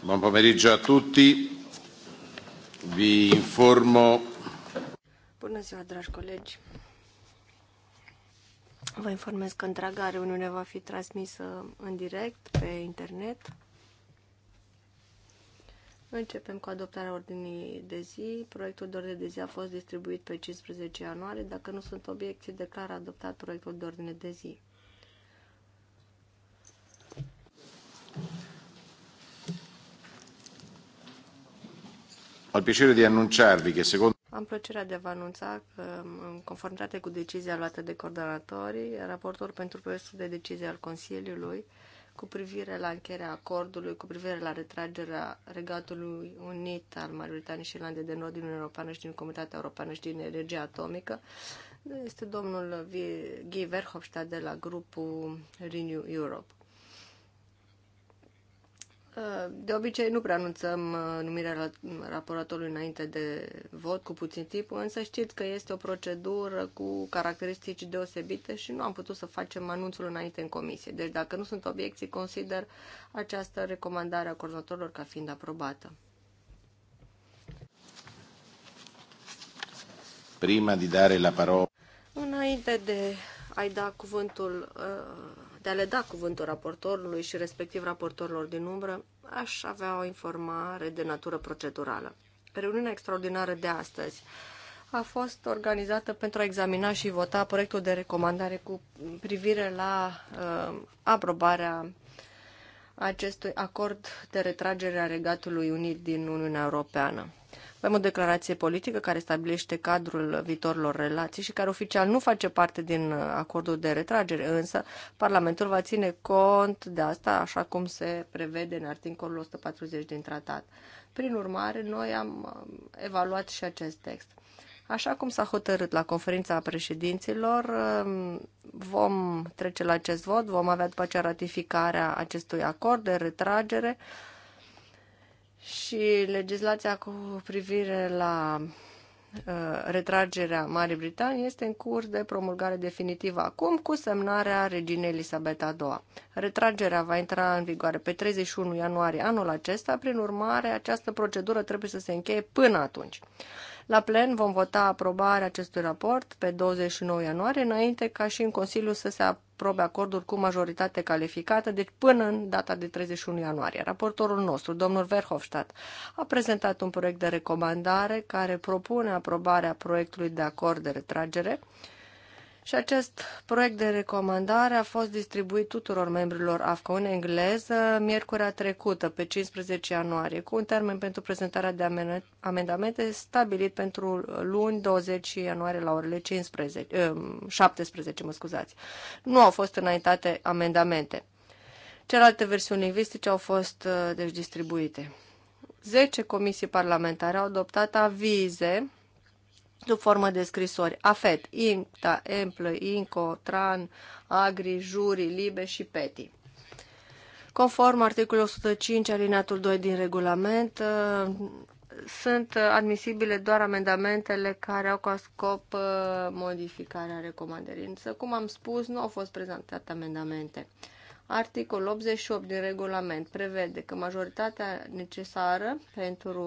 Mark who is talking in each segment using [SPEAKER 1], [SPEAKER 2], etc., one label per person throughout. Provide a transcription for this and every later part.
[SPEAKER 1] Buon pomeriggio a tutti. Vi informo.
[SPEAKER 2] Bună ziua, dragi colegi. Vă informez că întreaga reuniune va fi transmisă în direct pe internet. Începem cu adoptarea ordinii de zi. Proiectul de ordine de zi a fost distribuit pe 15 ianuarie. Dacă nu sunt obiecții, declar adoptat proiectul de ordine de zi.
[SPEAKER 1] Al piacere di annunciarvi che secondo
[SPEAKER 2] am plăcerea de a vă anunța că, în conformitate cu decizia luată de coordonatorii, raportor pentru proiectul de decizie al Consiliului cu privire la încheierea acordului, cu privire la retragerea Regatului Unit al Marii Britanii și Irlandei de Nord din Uniunea Europeană și din Comunitatea Europeană și din Energia Atomică, este domnul Guy Verhofstadt de la grupul Renew Europe. De obicei nu prea anunțăm uh, numirea raportorului înainte de vot cu puțin timp, însă știți că este o procedură cu caracteristici deosebite și nu am putut să facem anunțul înainte în comisie. Deci dacă nu sunt obiecții, consider această recomandare a coordonatorilor ca fiind aprobată.
[SPEAKER 1] Prima de dare la parola.
[SPEAKER 2] Înainte de a-i da cuvântul uh, de a le da cuvântul raportorului și respectiv raportorilor din umbră, aș avea o informare de natură procedurală. Reuniunea extraordinară de astăzi a fost organizată pentru a examina și vota proiectul de recomandare cu privire la uh, aprobarea acestui acord de retragere a Regatului Unit din Uniunea Europeană. Avem o declarație politică care stabilește cadrul viitorilor relații și care oficial nu face parte din acordul de retragere, însă Parlamentul va ține cont de asta așa cum se prevede în articolul 140 din tratat. Prin urmare, noi am um, evaluat și acest text. Așa cum s-a hotărât la conferința președinților, um, vom trece la acest vot, vom avea după aceea ratificarea acestui acord de retragere, și legislația cu privire la uh, retragerea Marii Britanii este în curs de promulgare definitivă acum cu semnarea reginei Elisabeta II. Retragerea va intra în vigoare pe 31 ianuarie anul acesta, prin urmare această procedură trebuie să se încheie până atunci. La plen vom vota aprobarea acestui raport pe 29 ianuarie, înainte ca și în Consiliu să se probe acorduri cu majoritate calificată, deci până în data de 31 ianuarie. Raportorul nostru, domnul Verhofstadt, a prezentat un proiect de recomandare care propune aprobarea proiectului de acord de retragere și acest proiect de recomandare a fost distribuit tuturor membrilor AFCO în engleză miercurea trecută, pe 15 ianuarie, cu un termen pentru prezentarea de amendamente stabilit pentru luni 20 ianuarie la orele 15, 17. Eh, mă scuzați. Nu au fost înaintate amendamente. Celelalte versiuni lingvistice au fost eh, deci, distribuite. 10 comisii parlamentare au adoptat avize sub formă de scrisori. AFET, Incta, EMPLă, INCO, TRAN, AGRI, JURI, LIBE și PETI. Conform articolul 105 alineatul 2 din regulament, uh, sunt admisibile doar amendamentele care au ca scop uh, modificarea recomandării. Însă, cum am spus, nu au fost prezentate amendamente. Articolul 88 din regulament prevede că majoritatea necesară pentru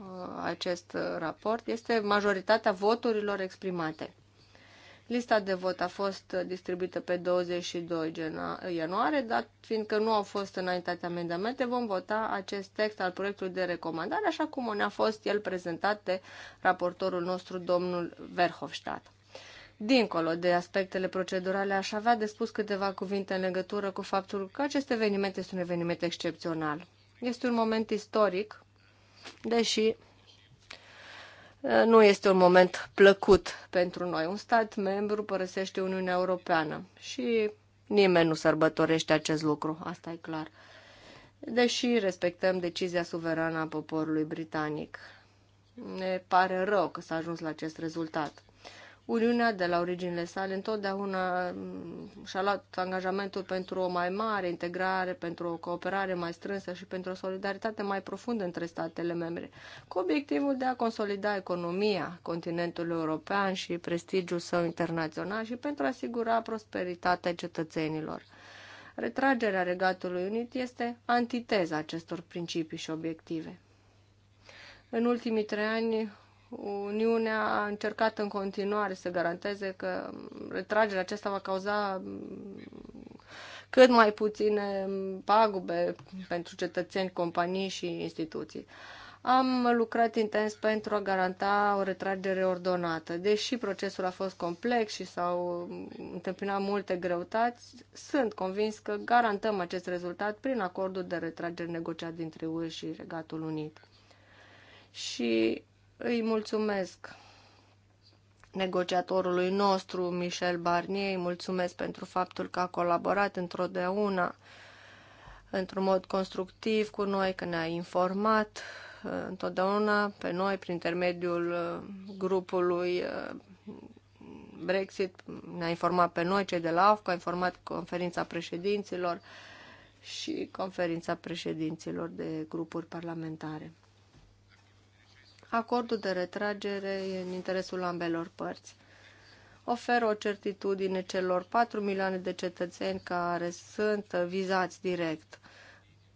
[SPEAKER 2] uh, acest raport este majoritatea voturilor exprimate. Lista de vot a fost distribuită pe 22 ianuarie, dar fiindcă nu au fost înaintate amendamente, vom vota acest text al proiectului de recomandare, așa cum ne-a fost el prezentat de raportorul nostru, domnul Verhofstadt. Dincolo de aspectele procedurale, aș avea de spus câteva cuvinte în legătură cu faptul că acest eveniment este un eveniment excepțional. Este un moment istoric, deși nu este un moment plăcut pentru noi. Un stat membru părăsește Uniunea Europeană și nimeni nu sărbătorește acest lucru, asta e clar. Deși respectăm decizia suverană a poporului britanic. Ne pare rău că s-a ajuns la acest rezultat. Uniunea, de la originile sale, întotdeauna mm, și-a luat angajamentul pentru o mai mare integrare, pentru o cooperare mai strânsă și pentru o solidaritate mai profundă între statele membre, cu obiectivul de a consolida economia continentului european și prestigiul său internațional și pentru a asigura prosperitatea cetățenilor. Retragerea Regatului Unit este antiteza acestor principii și obiective. În ultimii trei ani, Uniunea a încercat în continuare să garanteze că retragerea aceasta va cauza cât mai puține pagube pentru cetățeni, companii și instituții. Am lucrat intens pentru a garanta o retragere ordonată. Deși procesul a fost complex și s-au întâmpinat multe greutăți, sunt convins că garantăm acest rezultat prin acordul de retragere negociat dintre UE și Regatul Unit. Și îi mulțumesc negociatorului nostru, Michel Barnier, îi mulțumesc pentru faptul că a colaborat într-o una, într-un mod constructiv cu noi, că ne-a informat uh, întotdeauna pe noi prin intermediul uh, grupului uh, Brexit, ne-a informat pe noi cei de la AFCO, a informat conferința președinților și conferința președinților de grupuri parlamentare acordul de retragere e în interesul ambelor părți. Oferă o certitudine celor 4 milioane de cetățeni care sunt vizați direct.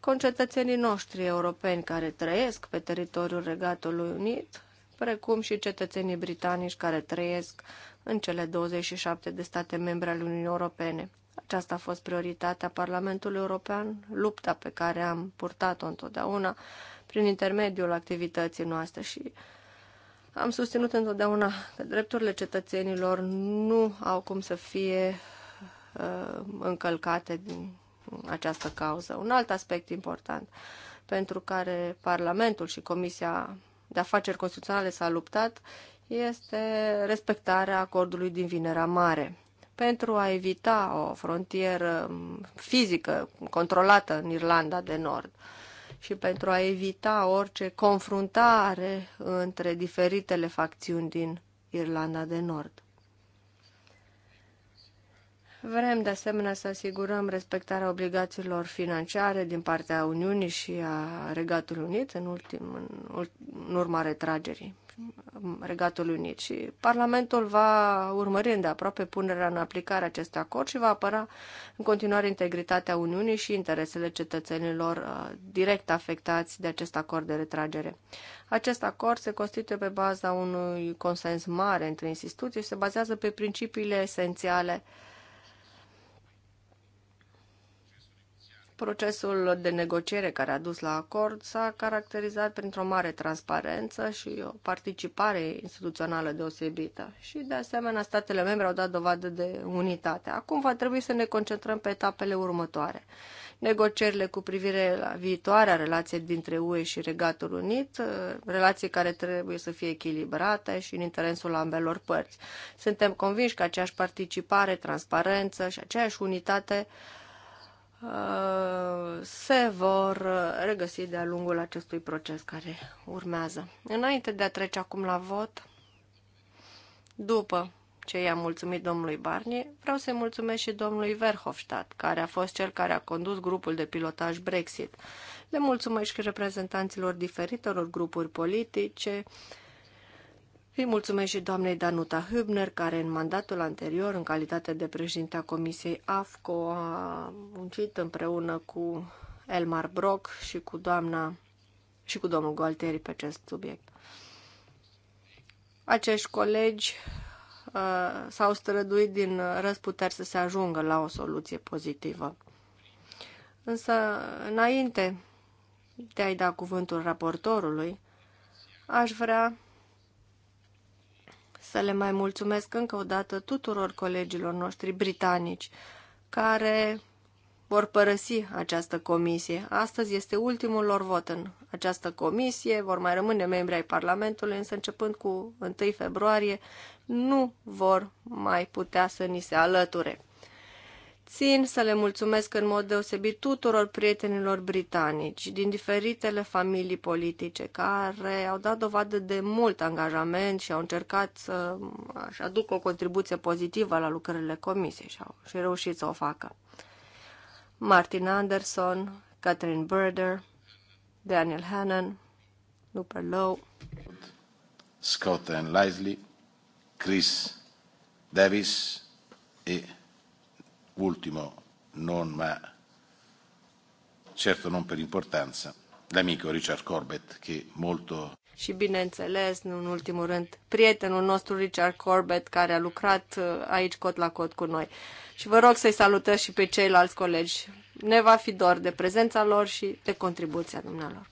[SPEAKER 2] Concetățenii noștri europeni care trăiesc pe teritoriul Regatului Unit, precum și cetățenii britanici care trăiesc în cele 27 de state membre ale Uniunii Europene. Aceasta a fost prioritatea Parlamentului European, lupta pe care am purtat-o întotdeauna prin intermediul activității noastre și am susținut întotdeauna că drepturile cetățenilor nu au cum să fie uh, încălcate din această cauză. Un alt aspect important pentru care Parlamentul și Comisia de Afaceri Constituționale s-a luptat este respectarea acordului din Vinerea Mare. Pentru a evita o frontieră fizică controlată în Irlanda de Nord. Uh, și pentru a evita orice confruntare între diferitele facțiuni din Irlanda de Nord. Vrem de asemenea să asigurăm respectarea obligațiilor financiare din partea Uniunii și a Regatului Unit în, ultim, în, în urma retragerii. Regatul Unit și Parlamentul va urmări îndeaproape punerea în aplicare acestui acord și va apăra în continuare integritatea Uniunii și interesele cetățenilor uh, direct afectați de acest acord de retragere. Acest acord se constituie pe baza unui consens mare între instituții și se bazează pe principiile esențiale Procesul de negociere care a dus la acord s-a caracterizat printr-o mare transparență și o participare instituțională deosebită. Și, de asemenea, statele membre au dat dovadă de unitate. Acum va trebui să ne concentrăm pe etapele următoare. Negocierile cu privire la viitoarea relație dintre UE și Regatul Unit, uh, relații care trebuie să fie echilibrate și în interesul ambelor părți. Suntem convinși că aceeași participare, transparență și aceeași unitate uh, Uh, se vor regăsi de-a lungul acestui proces care urmează. Înainte de a trece acum la vot, după ce i-am mulțumit domnului Barnier, vreau să-i mulțumesc și domnului Verhofstadt, care a fost cel care a condus grupul de pilotaj Brexit. Le mulțumesc și reprezentanților diferitelor grupuri politice, uh, îi mulțumesc și doamnei Danuta Hübner, care în mandatul anterior, în calitate de președinte a Comisiei AFCO, a muncit împreună cu Elmar Brock și cu doamna și cu domnul Gualteri pe acest subiect. Acești colegi uh, s-au străduit din răsputeri să se ajungă la o soluție pozitivă. Însă, înainte de a-i da cuvântul raportorului, aș vrea să le mai mulțumesc încă o dată tuturor colegilor noștri britanici care vor părăsi această comisie. Astăzi este ultimul lor vot în această comisie, vor mai rămâne membri ai Parlamentului, însă începând cu 1 februarie nu vor mai putea să ni se alăture. Țin să le mulțumesc în mod deosebit tuturor prietenilor britanici din diferitele familii politice care au dat dovadă de mult angajament și au încercat să își aducă o contribuție pozitivă la lucrările comisiei și au și reușit să o facă. Martin Anderson, Catherine Berder, Daniel Hannan, Luper Lowe,
[SPEAKER 1] Scott and Lively, Chris Davis e ultimo, non, ma certo non per importanza, l'amico Richard Corbett, che molto...
[SPEAKER 2] Și bineînțeles, nu în ultimul rând, prietenul nostru Richard Corbett, care a lucrat uh, aici cot la cot cu noi. Și vă rog să-i salutăm și pe ceilalți colegi. Ne va fi dor de prezența lor și de contribuția dumnealor.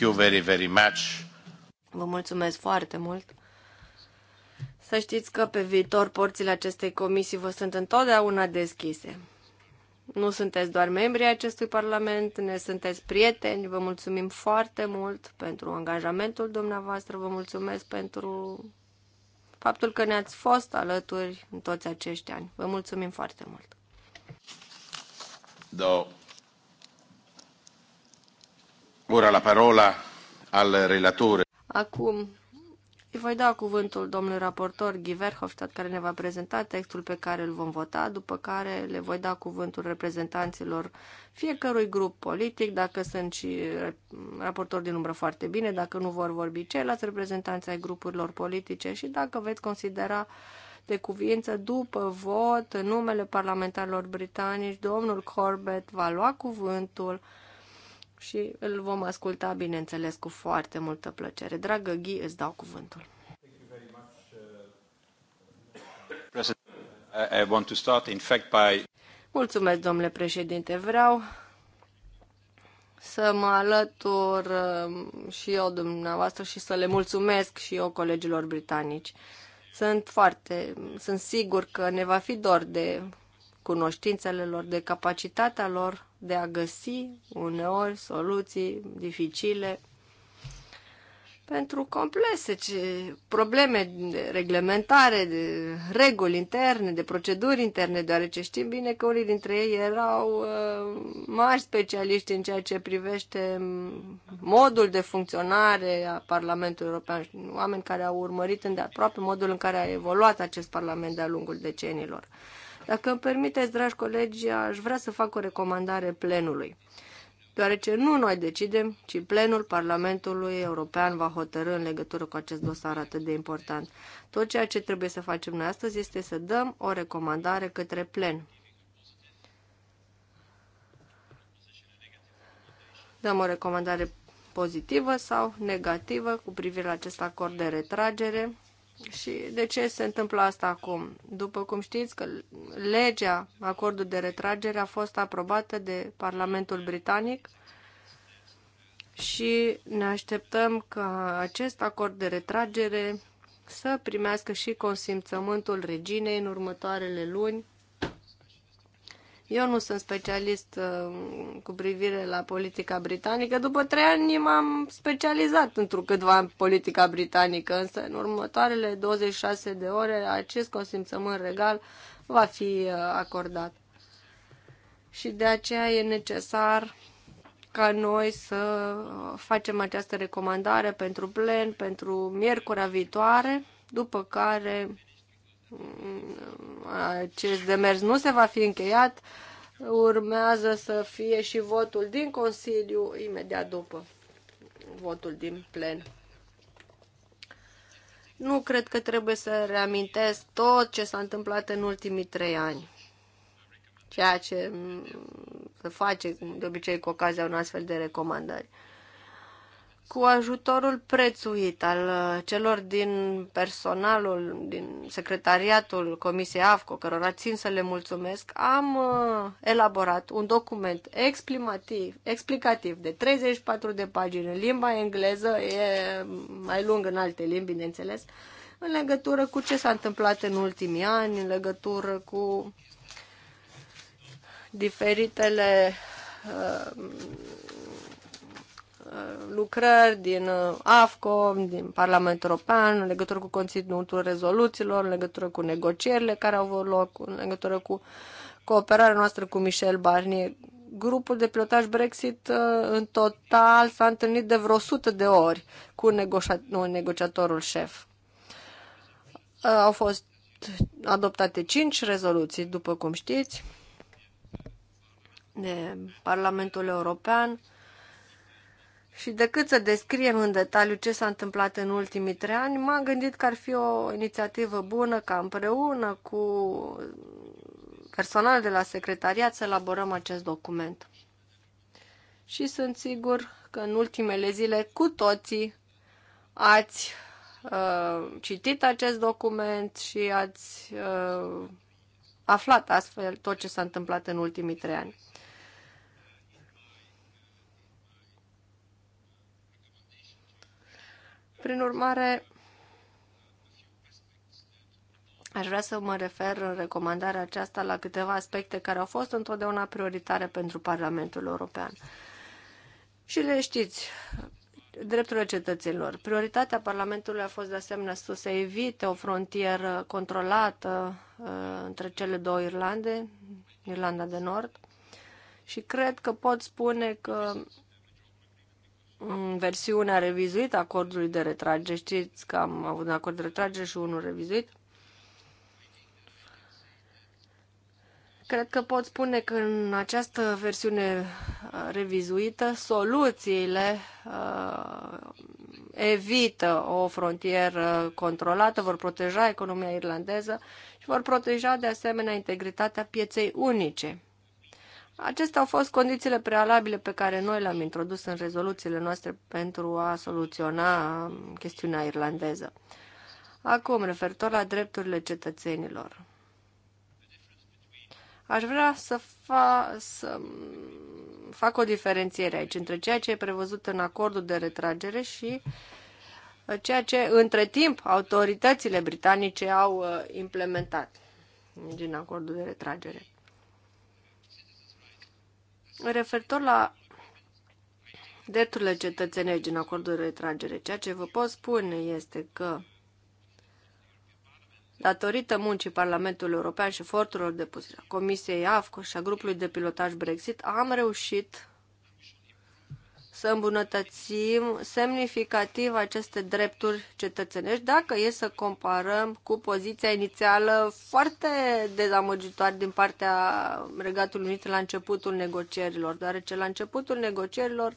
[SPEAKER 1] you very, very much.
[SPEAKER 2] Vă mulțumesc foarte mult. Să știți că pe viitor porțile acestei comisii vă sunt întotdeauna deschise. Nu sunteți doar membri ai acestui parlament, ne sunteți prieteni, vă mulțumim foarte mult pentru angajamentul dumneavoastră, vă mulțumesc pentru faptul că ne-ați fost alături în toți acești ani. Vă mulțumim foarte mult!
[SPEAKER 1] Două. Da. Ora la parola al relatore.
[SPEAKER 2] Acum îi voi da cuvântul domnului raportor Guy Verhofstadt, care ne va prezenta textul pe care îl vom vota, după care le voi da cuvântul reprezentanților fiecărui grup politic, dacă sunt și raportori din umbră foarte bine, dacă nu vor vorbi ceilalți reprezentanți ai grupurilor politice și dacă veți considera de cuvință, după vot, în numele parlamentarilor britanici, domnul Corbett va lua cuvântul și îl vom asculta, bineînțeles, cu foarte multă plăcere. Dragă Ghi, îți dau cuvântul. Mulțumesc, domnule președinte. Vreau să mă alătur um, și eu dumneavoastră și să le mulțumesc și eu colegilor britanici. Sunt foarte, sunt sigur că ne va fi dor de cunoștințele lor, de capacitatea lor de a găsi uneori soluții dificile pentru complexe ce, probleme de reglementare, de reguli interne, de proceduri interne, deoarece știm bine că unii dintre ei erau uh, mari specialiști în ceea ce privește modul de funcționare a Parlamentului European, oameni care au urmărit îndeaproape modul în care a evoluat acest Parlament de-a lungul decenilor. Uh, dacă îmi permiteți, dragi colegi, aș vrea să fac o recomandare plenului. Deoarece nu noi decidem, ci plenul Parlamentului European va hotărâ în legătură cu acest dosar atât de important. Tot ceea ce trebuie să facem noi astăzi este să dăm o recomandare către plen. Dăm o recomandare pozitivă sau negativă cu privire la acest acord de retragere și de ce se întâmplă asta acum? După cum știți că legea, acordul de retragere a fost aprobată de Parlamentul Britanic și ne așteptăm ca acest acord de retragere să primească și consimțământul reginei în următoarele luni eu nu sunt specialist uh, cu privire la politica britanică. După trei ani m-am specializat într o câtva în politica britanică, însă în următoarele 26 de ore acest consimțământ regal va fi uh, acordat. Și de aceea e necesar ca noi să uh, facem această recomandare pentru plen, pentru miercurea viitoare, după care acest demers nu se va fi încheiat, urmează să fie și votul din Consiliu imediat după votul din plen. Nu cred că trebuie să reamintesc tot ce s-a întâmplat în ultimii trei ani, ceea ce se face de obicei cu ocazia un astfel de recomandări cu ajutorul prețuit al uh, celor din personalul, din secretariatul Comisiei AFCO, cărora țin să le mulțumesc, am uh, elaborat un document explicativ, explicativ de 34 de pagini în limba engleză, e mai lung în alte limbi, bineînțeles, în legătură cu ce s-a întâmplat în ultimii ani, în legătură cu diferitele uh, Uh, lucrări din uh, AFCO, din Parlamentul European, în legătură cu conținutul rezoluțiilor, în legătură cu negocierile care au avut loc, în legătură cu cooperarea noastră cu Michel Barnier. Grupul de pilotaj Brexit uh, în total s-a întâlnit de vreo 100 de ori cu negociatorul șef. Au fost adoptate 5 rezoluții, după cum știți, de Parlamentul European și decât să descriem în detaliu ce s-a întâmplat în ultimii trei ani, m-am gândit că ar fi o inițiativă bună ca împreună cu personal de la secretariat să elaborăm acest document. Și sunt sigur că în ultimele zile cu toții ați uh, citit acest document și ați uh, aflat astfel tot ce s-a întâmplat în ultimii trei ani. Prin urmare, aș vrea să mă refer în recomandarea aceasta la câteva aspecte care au fost întotdeauna prioritare pentru Parlamentul European. Și le știți, drepturile cetățenilor. Prioritatea Parlamentului a fost de asemenea să se evite o frontieră controlată uh, între cele două Irlande, Irlanda de Nord, și cred că pot spune că în mm, versiunea revizuită a acordului de retragere. Știți că am avut un acord de retragere și unul revizuit. Cred că pot spune că în această versiune uh, revizuită soluțiile uh, evită o frontieră controlată, vor proteja economia irlandeză și vor proteja de asemenea integritatea pieței unice. Acestea au fost condițiile prealabile pe care noi le-am introdus în rezoluțiile noastre pentru a soluționa chestiunea irlandeză. Acum, referitor la drepturile cetățenilor. Aș vrea să, fa- să fac o diferențiere aici între ceea ce e prevăzut în acordul de retragere și uh, ceea ce, între timp, autoritățile britanice au uh, implementat din acordul de retragere referitor la drepturile cetățenești din acordul de retragere, ceea ce vă pot spune este că datorită muncii Parlamentului European și eforturilor depuse a Comisiei AFCO și a grupului de pilotaj Brexit, am reușit să îmbunătățim semnificativ aceste drepturi cetățenești dacă e să comparăm cu poziția inițială foarte dezamăgitoare din partea Regatului Unit la începutul negocierilor, deoarece la începutul negocierilor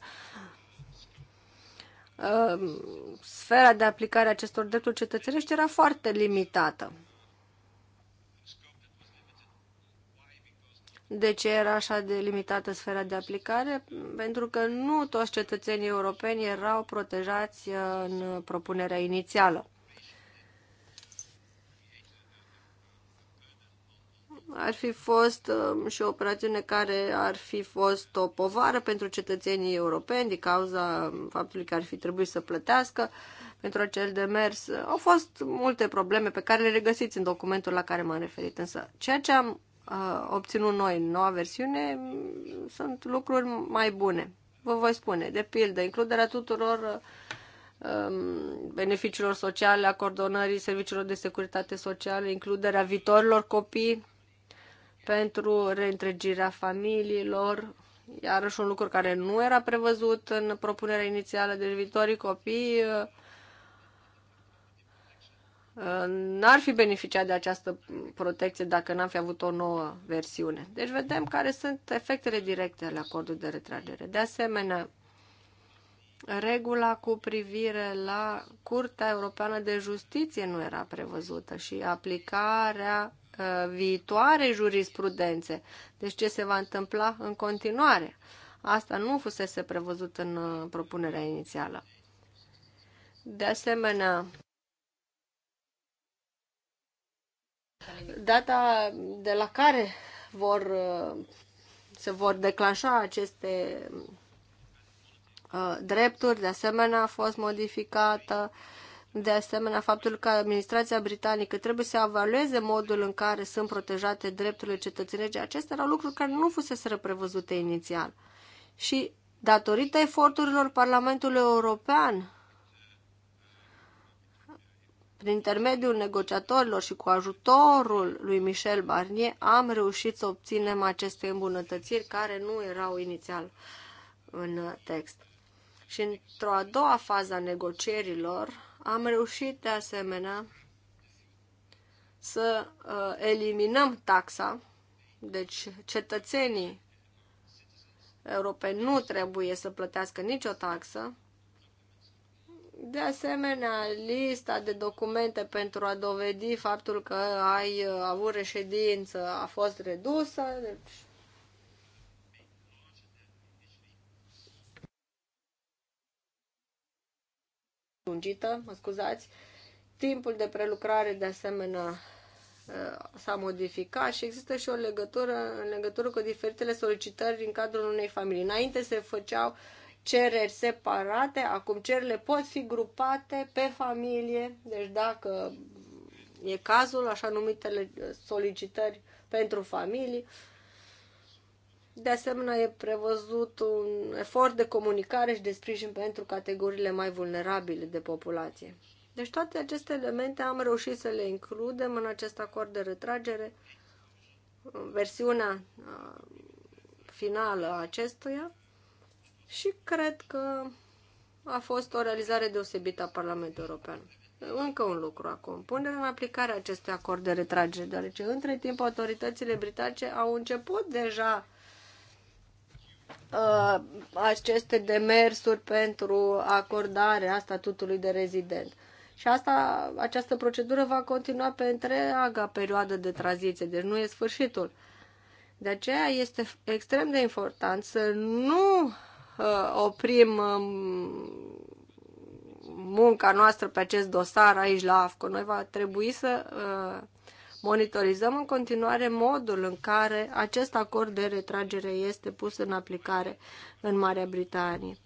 [SPEAKER 2] um, sfera de aplicare a acestor drepturi cetățenești era foarte limitată. De ce era așa de limitată sfera de aplicare? Pentru că nu toți cetățenii europeni erau protejați uh, în propunerea inițială. ar fi fost uh, și o operațiune care ar fi fost o povară pentru cetățenii europeni din cauza faptului că ar fi trebuit să plătească pentru acel demers. Au fost multe probleme pe care le regăsiți în documentul la care m-am referit, însă ceea ce am uh, obținut noi în noua versiune, sunt lucruri mai bune. Vă voi spune, de pildă, includerea tuturor um, beneficiilor sociale, acordonării serviciilor de securitate socială, includerea viitorilor copii pentru reîntregirea familiilor, iarăși un lucru care nu era prevăzut în propunerea inițială, deci viitorii copii uh, n-ar fi beneficiat de această protecție dacă n-am fi avut o nouă versiune. Deci vedem care sunt efectele directe ale acordului de retragere. De asemenea, regula cu privire la Curtea Europeană de Justiție nu era prevăzută și aplicarea uh, viitoare jurisprudențe. Deci ce se va întâmpla în continuare? Asta nu fusese prevăzut în uh, propunerea inițială. De asemenea, Data de la care vor, uh, se vor declanșa aceste uh, drepturi, de asemenea a fost modificată, de asemenea faptul că administrația britanică trebuie să evalueze modul în care sunt protejate drepturile cetățenilor, Acestea erau lucruri care nu fusese prevăzute inițial. Și datorită eforturilor Parlamentului European prin intermediul negociatorilor și cu ajutorul lui Michel Barnier, am reușit să obținem aceste îmbunătățiri care nu erau inițial în text. Și într-o a doua fază a negocierilor, am reușit de asemenea să uh, eliminăm taxa, deci cetățenii europeni nu trebuie să plătească nicio taxă, de asemenea, lista de documente pentru a dovedi faptul că ai uh, avut reședință a fost redusă, deci lungită, mă scuzați. Timpul de prelucrare, de asemenea, uh, s-a modificat și există și o legătură în legătură cu diferitele solicitări din cadrul unei familii. Înainte se făceau uh, cereri separate, acum cererile pot fi grupate pe familie, deci dacă e cazul, așa numitele solicitări pentru familii. De asemenea, e prevăzut un efort de comunicare și de sprijin pentru categoriile mai vulnerabile de populație. Deci toate aceste elemente am reușit să le includem în acest acord de retragere, versiunea finală a acestuia și cred că a fost o realizare deosebită a Parlamentului European. Încă un lucru acum. Punerea în aplicare acestui acord de retragere, deoarece între timp autoritățile britanice au început deja uh, aceste demersuri pentru acordarea statutului de rezident. Și asta, această procedură va continua pe întreaga perioadă de tranziție, deci nu e sfârșitul. De aceea este extrem de important să nu Uh, oprim um, munca noastră pe acest dosar aici la AFCO. Noi va trebui să uh, monitorizăm în continuare modul în care acest acord de retragere este pus în aplicare în Marea Britanie.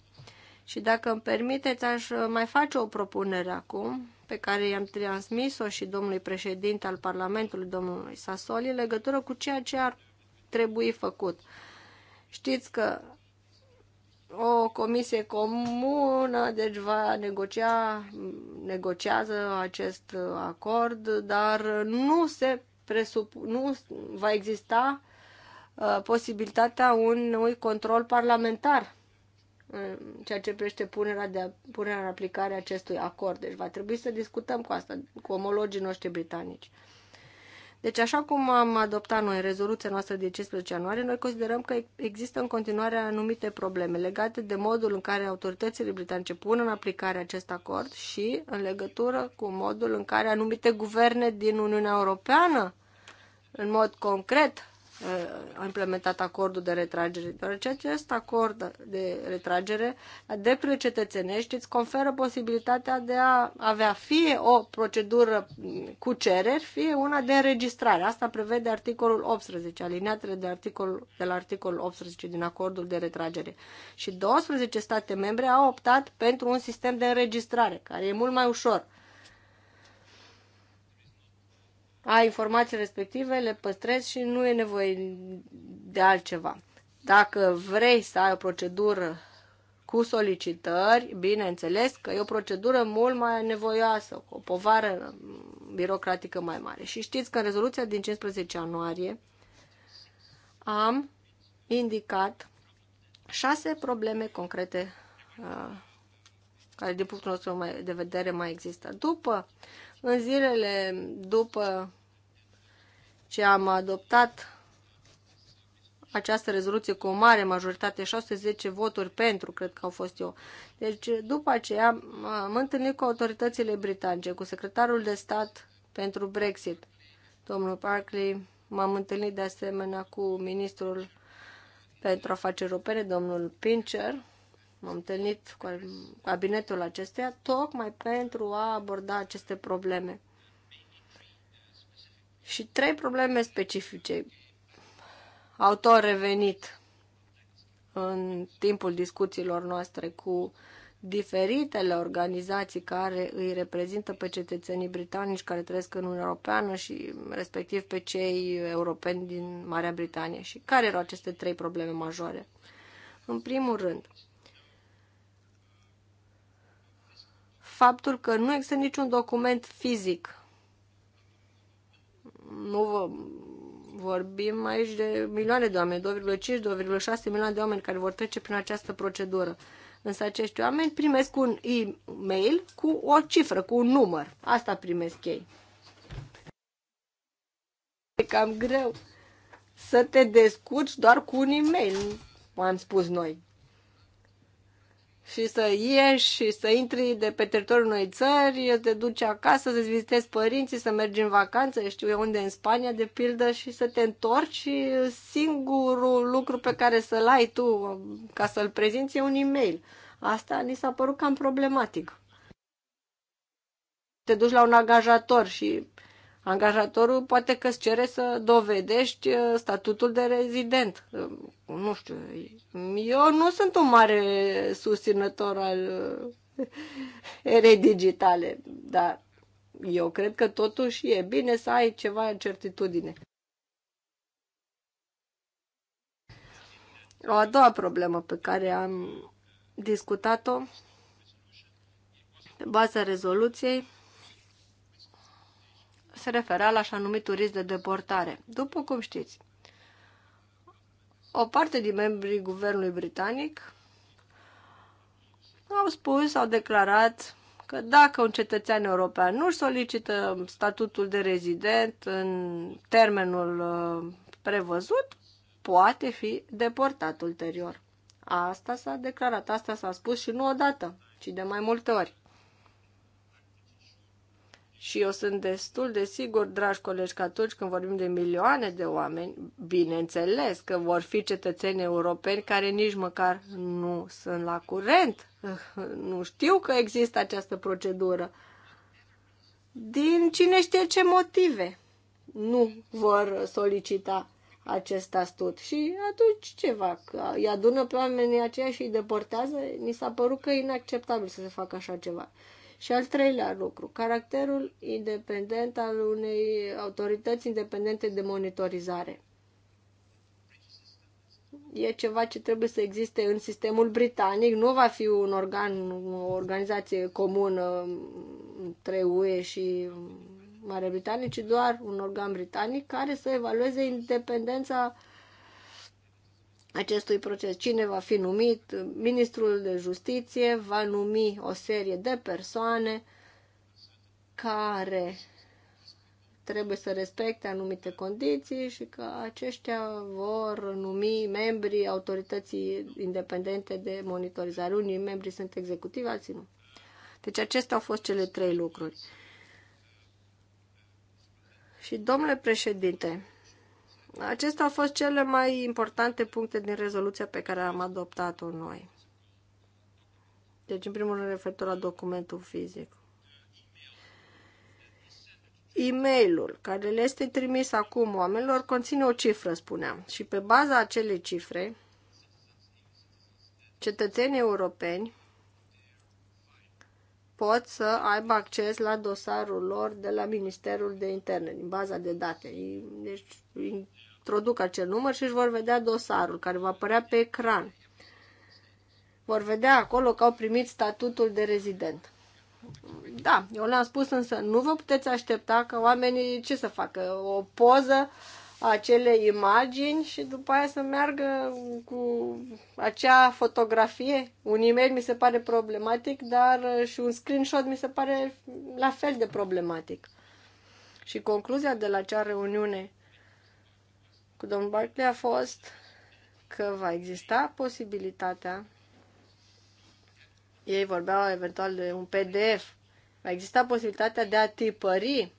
[SPEAKER 2] Și dacă îmi permiteți, aș uh, mai face o propunere acum, pe care i-am transmis-o și domnului președinte al Parlamentului, domnului Sasoli, în legătură cu ceea ce ar trebui făcut. Știți că o comisie comună, deci va negocia, negociază acest acord, dar nu se presup, nu va exista uh, posibilitatea unui control parlamentar în ceea ce privește punerea, de, punerea în aplicare acestui acord. Deci va trebui să discutăm cu asta, cu omologii noștri britanici. Uh, deci, așa cum am adoptat noi rezoluția noastră de 15 ianuarie, noi considerăm că există în continuare anumite probleme legate de modul în care autoritățile britanice pun în aplicare acest acord și în legătură cu modul în care anumite guverne din Uniunea Europeană, în mod concret, Uh, a implementat acordul de retragere, deoarece acest acord de retragere la drepturile cetățenești îți conferă posibilitatea de a avea fie o procedură cu cereri, fie una de înregistrare. Asta prevede articolul 18, aliniatele de, articol, de la articolul 18 din acordul de retragere. Și 12 state membre au optat pentru un sistem de înregistrare, care e mult mai ușor a informații respective, le păstrezi și nu e nevoie de altceva. Dacă vrei să ai o procedură cu solicitări, bineînțeles că e o procedură mult mai nevoioasă, cu o povară birocratică mai mare. Și știți că în rezoluția din 15 ianuarie am indicat șase probleme concrete uh, care din punctul nostru de vedere mai există. După, în zilele după ce am adoptat această rezoluție cu o mare majoritate, 610 voturi pentru, cred că au fost eu. Deci, după aceea, am întâlnit cu autoritățile britanice, cu secretarul de stat pentru Brexit, domnul Parkley, M-am întâlnit de asemenea cu ministrul pentru afaceri europene, domnul Pincher. M-am întâlnit cu cabinetul acesteia, tocmai pentru a aborda aceste probleme și trei probleme specifice au tot revenit în timpul discuțiilor noastre cu diferitele organizații care îi reprezintă pe cetățenii britanici care trăiesc în Uniunea Europeană și respectiv pe cei europeni din Marea Britanie. Și care erau aceste trei probleme majore? În primul rând, faptul că nu există niciun document fizic nu vă vorbim aici de milioane de oameni, 2,5-2,6 milioane de oameni care vor trece prin această procedură. Însă acești oameni primesc un e-mail cu o cifră, cu un număr. Asta primesc ei. E cam greu să te descurci doar cu un e-mail, am spus noi și să ieși și să intri de pe teritoriul unei țări, să te duci acasă, să-ți vizitezi părinții, să mergi în vacanță, eu știu eu unde, în Spania, de pildă, și să te întorci singurul lucru pe care să-l ai tu ca să-l prezinți e un e-mail. Asta ni s-a părut cam problematic. Te duci la un angajator și angajatorul poate că îți cere să dovedești uh, statutul de rezident. Uh, nu știu, eu nu sunt un mare susținător al uh, erei digitale, dar eu cred că totuși e bine să ai ceva în certitudine. O a doua problemă pe care am discutat-o pe baza rezoluției se refera la așa numitul turist de deportare. După cum știți, o parte din membrii guvernului britanic au spus, au declarat că dacă un cetățean european nu solicită statutul de rezident în termenul uh, prevăzut, poate fi deportat ulterior. Asta s-a declarat, asta s-a spus și nu odată, ci de mai multe ori. Și eu sunt destul de sigur, dragi colegi, că atunci când vorbim de milioane de oameni, bineînțeles că vor fi cetățeni europeni care nici măcar nu sunt la curent, nu știu că există această procedură. Din cine știe ce motive nu vor solicita acest statut. Și atunci ce fac? Îi adună pe oamenii aceia și îi deportează? Mi s-a părut că e inacceptabil să se facă așa ceva. Și al treilea lucru, caracterul independent al unei autorități independente de monitorizare. E ceva ce trebuie să existe în sistemul britanic, nu va fi un organ, o organizație comună între UE și Marea Britanie, ci doar un organ britanic care să evalueze independența acestui proces. Cine va fi numit? Ministrul de Justiție va numi o serie de persoane care trebuie să respecte anumite condiții și că aceștia vor numi membrii autorității independente de monitorizare. Unii membri sunt executivi, alții nu. Deci acestea au fost cele trei lucruri. Și domnule președinte, Acestea au fost cele mai importante puncte din rezoluția pe care am adoptat-o noi. Deci, în primul rând, referitor la documentul fizic. E-mailul care le este trimis acum oamenilor conține o cifră, spuneam, și pe baza acelei cifre, cetățenii europeni pot să aibă acces la dosarul lor de la Ministerul de Interne, din baza de date. Deci, introduc acel număr și își vor vedea dosarul care va apărea pe ecran. Vor vedea acolo că au primit statutul de rezident. Da, eu le-am spus însă, nu vă puteți aștepta că oamenii ce să facă? O poză acele imagini și după aia să meargă cu acea fotografie. Un e-mail mi se pare problematic, dar și un screenshot mi se pare la fel de problematic. Și concluzia de la acea reuniune cu domnul Barclay a fost că va exista posibilitatea ei vorbeau eventual de un PDF. Va exista posibilitatea de a tipări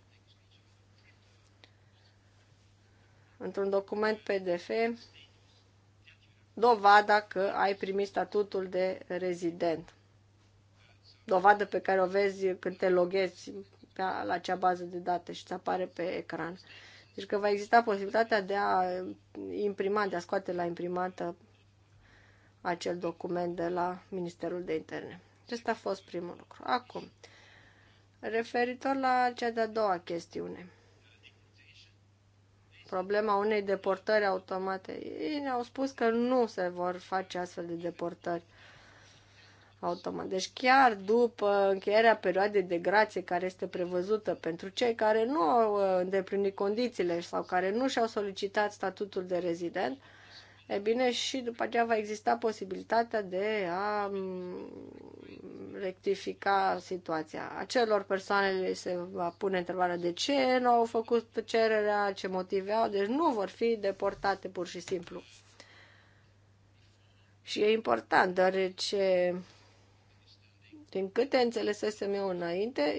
[SPEAKER 2] într-un document PDF dovada că ai primit statutul de rezident. Dovadă pe care o vezi când te loghezi la acea bază de date și îți apare pe ecran. Deci că va exista posibilitatea de a imprima, de a scoate la imprimată acel document de la Ministerul de Interne. Acesta a fost primul lucru. Acum, referitor la cea de-a doua chestiune, problema unei deportări automate. Ei ne-au spus că nu se vor face astfel de deportări automat. Deci chiar după încheierea perioadei de grație care este prevăzută pentru cei care nu au uh, îndeplinit condițiile sau care nu și-au solicitat statutul de rezident, e bine și după aceea va exista posibilitatea de a mm, rectifica situația. Acelor persoane se va pune întrebarea de ce nu au făcut cererea, ce motive au, deci nu vor fi deportate pur și simplu. Și e important, deoarece din câte înțelesesem eu înainte,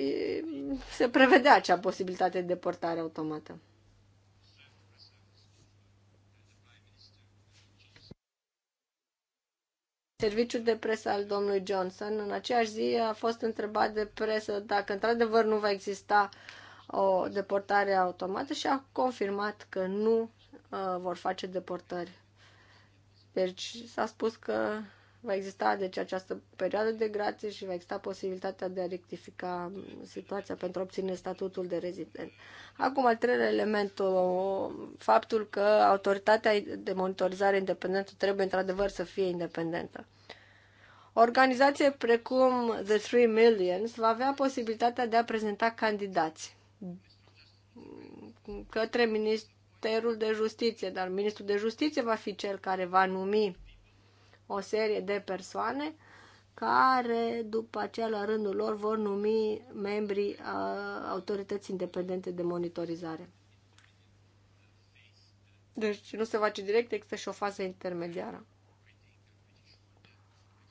[SPEAKER 2] se prevedea acea posibilitate de deportare automată. Serviciul de presă al domnului Johnson în aceeași zi a fost întrebat de presă dacă într-adevăr nu va exista o deportare automată și a confirmat că nu uh, vor face deportări. Deci s-a spus că Va exista deci această perioadă de grație și va exista posibilitatea de a rectifica situația pentru a obține statutul de rezident. Acum, al treilea element, o, faptul că autoritatea de monitorizare independentă trebuie într-adevăr să fie independentă. Organizație precum The Three Millions va avea posibilitatea de a prezenta candidați către Ministerul de Justiție, dar Ministrul de Justiție va fi cel care va numi o serie de persoane care după aceea la rândul lor vor numi membrii uh, autorității independente de monitorizare. Deci nu se face direct, există și o fază intermediară.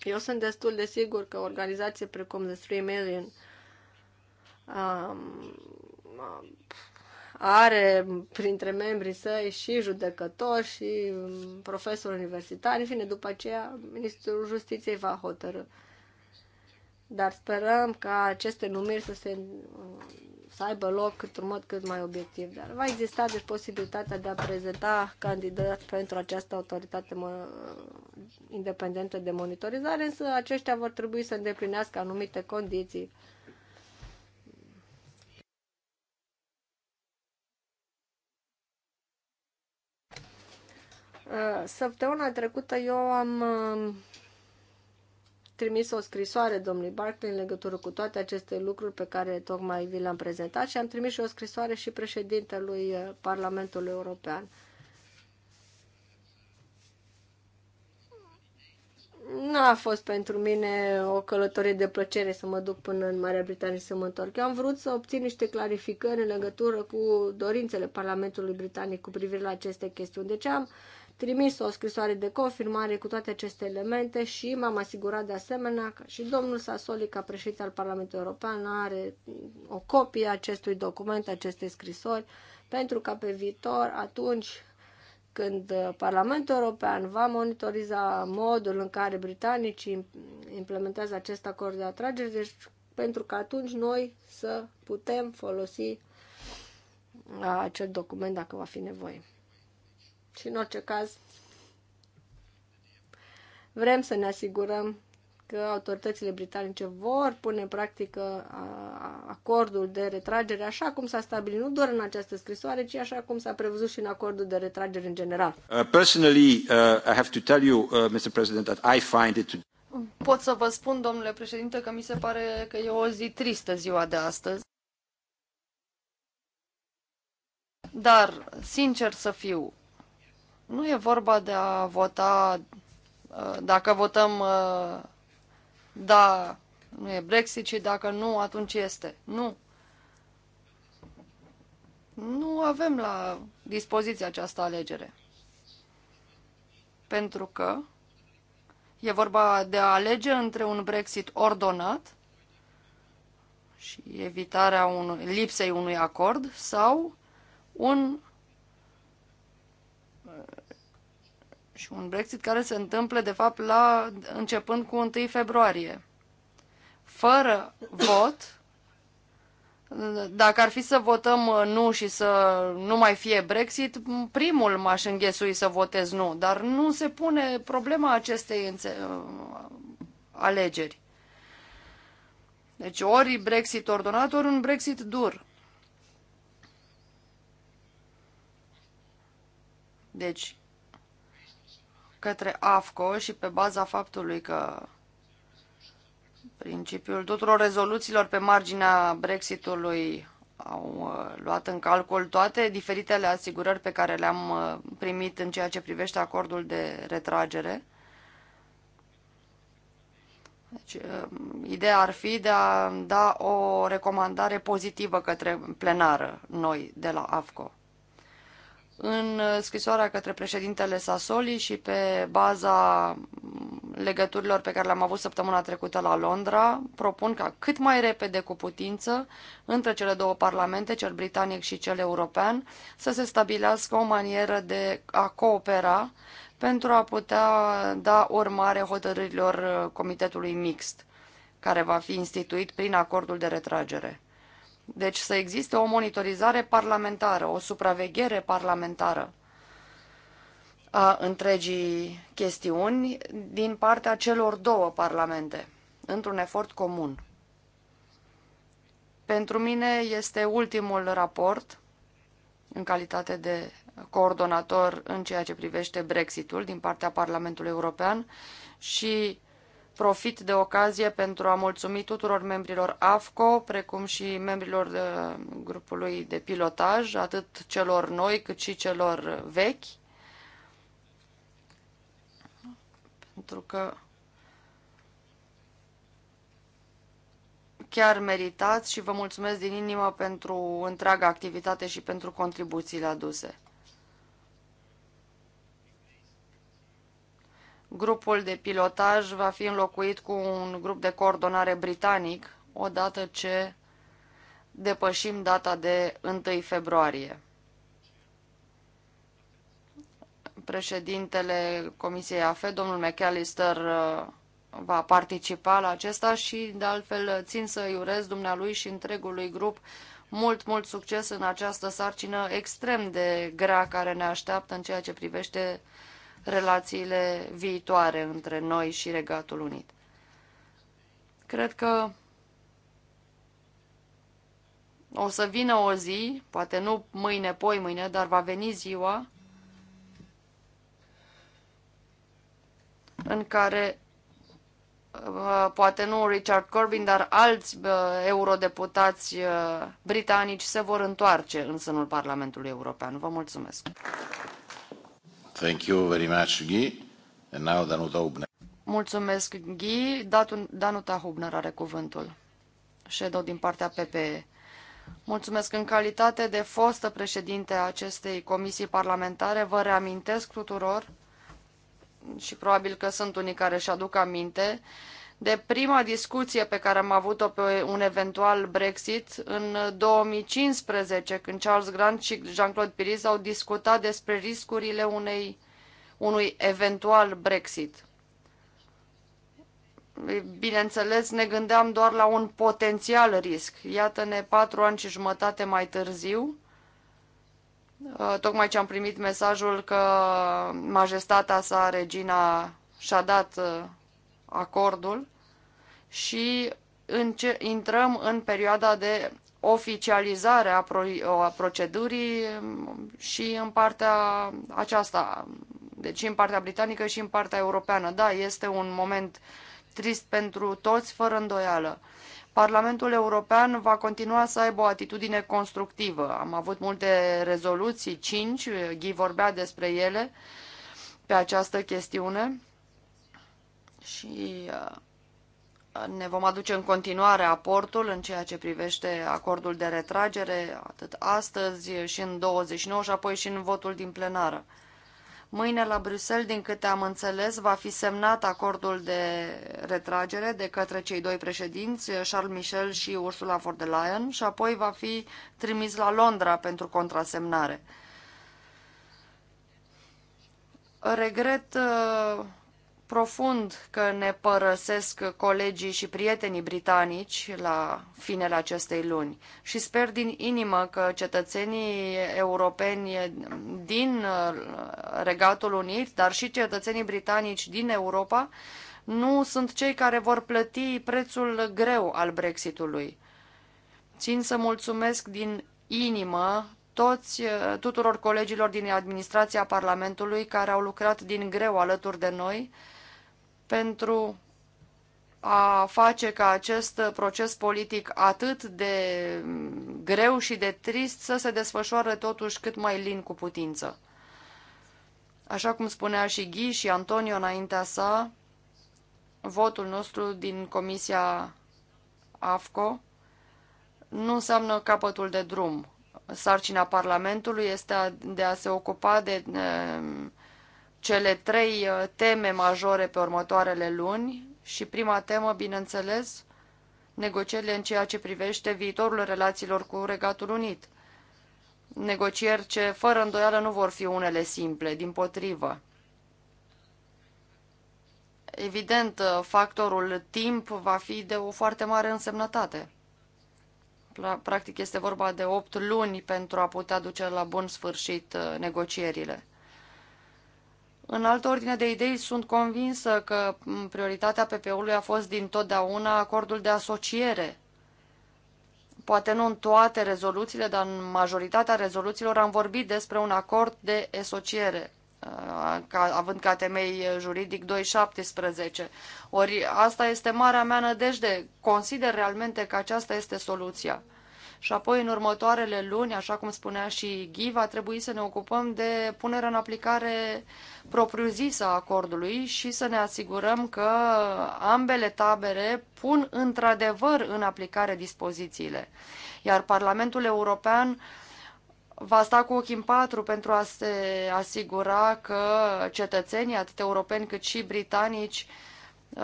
[SPEAKER 2] Eu sunt destul de sigur că organizații precum The Three Million um, are printre membrii săi și judecători și profesori universitari. În fine, după aceea, Ministrul Justiției va hotărâ. Dar sperăm ca aceste numiri să se să aibă loc într-un mod cât mai obiectiv. Dar va exista deci posibilitatea de a prezenta candidat pentru această autoritate independentă de monitorizare, însă aceștia vor trebui să îndeplinească anumite condiții Uh, săptămâna trecută eu am uh, trimis o scrisoare domnului Barclay în legătură cu toate aceste lucruri pe care tocmai vi le-am prezentat și am trimis și o scrisoare și președintelui uh, Parlamentului European. Nu a fost pentru mine o călătorie de plăcere să mă duc până în Marea Britanie să mă întorc. Eu am vrut să obțin niște clarificări în legătură cu dorințele Parlamentului Britanic cu privire la aceste chestiuni. Deci am uh, trimis o scrisoare de confirmare cu toate aceste elemente și m-am asigurat de asemenea că și domnul Sasoli, ca președinte al Parlamentului European, are o copie a acestui document, acestei scrisori, pentru ca pe viitor, atunci când uh, Parlamentul European va monitoriza modul în care britanicii implementează acest acord de atragere, deci pentru că atunci noi să putem folosi uh, acel document dacă va fi nevoie. Și în orice caz, vrem să ne asigurăm că autoritățile britanice vor pune în practică acordul de retragere așa cum s-a stabilit, nu doar în această scrisoare, ci așa cum s-a prevăzut și în acordul de retragere în general.
[SPEAKER 1] Uh, personally, uh, I have to tell you, uh, Mr. President, that I find it to...
[SPEAKER 3] Pot să vă spun, domnule președinte, că mi se pare că e o zi tristă ziua de astăzi. Dar, sincer să fiu, nu e vorba de a vota, uh, dacă votăm uh, da, nu e Brexit ci dacă nu, atunci este. Nu. Nu avem la dispoziție această alegere. Pentru că e vorba de a alege între un Brexit ordonat și evitarea unui, lipsei unui acord sau un și un Brexit care se întâmple, de fapt, la, începând cu 1 februarie. Fără vot, dacă ar fi să votăm nu și să nu mai fie Brexit, primul m-aș înghesui să votez nu, dar nu se pune problema acestei alegeri. Deci ori Brexit ordonat, ori un Brexit dur. Deci, către AFCO și pe baza faptului că principiul tuturor rezoluțiilor pe marginea Brexitului au uh, luat în calcul toate diferitele asigurări pe care le-am uh, primit în ceea ce privește acordul de retragere. Deci, uh, ideea ar fi de a da o recomandare pozitivă către plenară, noi, de la AFCO. În uh, scrisoarea către președintele Sassoli și pe baza mm, legăturilor pe care le-am avut săptămâna trecută la Londra, propun ca cât mai repede cu putință între cele două parlamente, cel britanic și cel european, să se stabilească o manieră de a coopera pentru a putea da urmare hotărârilor uh, Comitetului Mixt, care va fi instituit prin acordul de retragere. Deci să existe o monitorizare parlamentară, o supraveghere parlamentară a întregii chestiuni din partea celor două parlamente, într-un efort comun. Pentru mine este ultimul raport în calitate de coordonator în ceea ce privește Brexitul din partea Parlamentului European și Profit de ocazie pentru a mulțumi tuturor membrilor AFCO, precum și membrilor de uh, grupului de pilotaj, atât celor noi cât și celor vechi, pentru că chiar meritați și vă mulțumesc din inimă pentru întreaga activitate și pentru contribuțiile aduse. Grupul de pilotaj va fi înlocuit cu un grup de coordonare britanic odată ce depășim data de 1 februarie. Președintele Comisiei AFE, domnul McAllister, uh, va participa la acesta și, de altfel, țin să îi urez dumnealui și întregului grup mult, mult succes în această sarcină extrem de grea care ne așteaptă în ceea ce privește relațiile viitoare între noi și Regatul Unit. Cred că o să vină o zi, poate nu mâine, poi mâine, dar va veni ziua în care uh, poate nu Richard Corbyn, dar alți uh, eurodeputați uh, britanici se vor întoarce în sânul Parlamentului European. Vă mulțumesc!
[SPEAKER 1] Thank you Hubner.
[SPEAKER 3] Mulțumesc, Ghi. Danuta Hubner are cuvântul. Shadow din partea PPE. Mulțumesc în calitate de fostă președinte a acestei comisii parlamentare. Vă reamintesc tuturor și probabil că sunt unii care își aduc aminte de prima discuție pe care am avut-o pe un eventual Brexit în 2015, când Charles Grant și Jean-Claude Piris au discutat despre riscurile unei, unui eventual Brexit. Bineînțeles, ne gândeam doar la un potențial risc. Iată-ne patru ani și jumătate mai târziu, uh, tocmai ce am primit mesajul că majestatea sa, regina, și-a dat uh, acordul și intrăm în perioada de oficializare a, pro a procedurii și în partea aceasta, deci în partea britanică și în partea europeană. Da, este un moment trist pentru toți, fără îndoială. Parlamentul European va continua să aibă o atitudine constructivă. Am avut multe rezoluții, cinci, Ghi vorbea despre ele pe această chestiune și uh, ne vom aduce în continuare aportul în ceea ce privește acordul de retragere, atât astăzi și în 29 și apoi și în votul din plenară. Mâine la Bruxelles, din câte am înțeles, va fi semnat acordul de retragere de către cei doi președinți, Charles Michel și Ursula von der Leyen, și apoi va fi trimis la Londra pentru contrasemnare. Regret uh, profund că ne părăsesc colegii și prietenii britanici la finele acestei luni și sper din inimă că cetățenii europeni din uh, Regatul Unit, dar și cetățenii britanici din Europa, nu sunt cei care vor plăti prețul greu al Brexitului. Țin să mulțumesc din inimă toți, uh, tuturor colegilor din administrația Parlamentului care au lucrat din greu alături de noi pentru a face ca acest proces politic atât de greu și de trist să se desfășoare totuși cât mai lin cu putință. Așa cum spunea și Ghi și Antonio înaintea sa, votul nostru din Comisia AFCO nu înseamnă capătul de drum. Sarcina Parlamentului este de a se ocupa de cele trei uh, teme majore pe următoarele luni și prima temă, bineînțeles, negocierile în ceea ce privește viitorul relațiilor cu Regatul Unit. Negocieri ce, fără îndoială, nu vor fi unele simple, din potrivă. Evident, uh, factorul timp va fi de o foarte mare însemnătate. Practic este vorba de opt luni pentru a putea duce la bun sfârșit uh, negocierile. În altă ordine de idei, sunt convinsă că prioritatea PP-ului a fost din totdeauna acordul de asociere. Poate nu în toate rezoluțiile, dar în majoritatea rezoluțiilor am vorbit despre un acord de asociere, uh, ca, având ca temei juridic 2.17. Ori asta este marea mea nădejde. Consider realmente că aceasta este soluția. Și apoi, în următoarele luni, așa cum spunea și Ghi, va trebui să ne ocupăm de punerea în aplicare propriu-zisă a acordului și să ne asigurăm că ambele tabere pun într-adevăr în aplicare dispozițiile. Iar Parlamentul European va sta cu ochii în patru pentru a se asigura că cetățenii, atât europeni cât și britanici,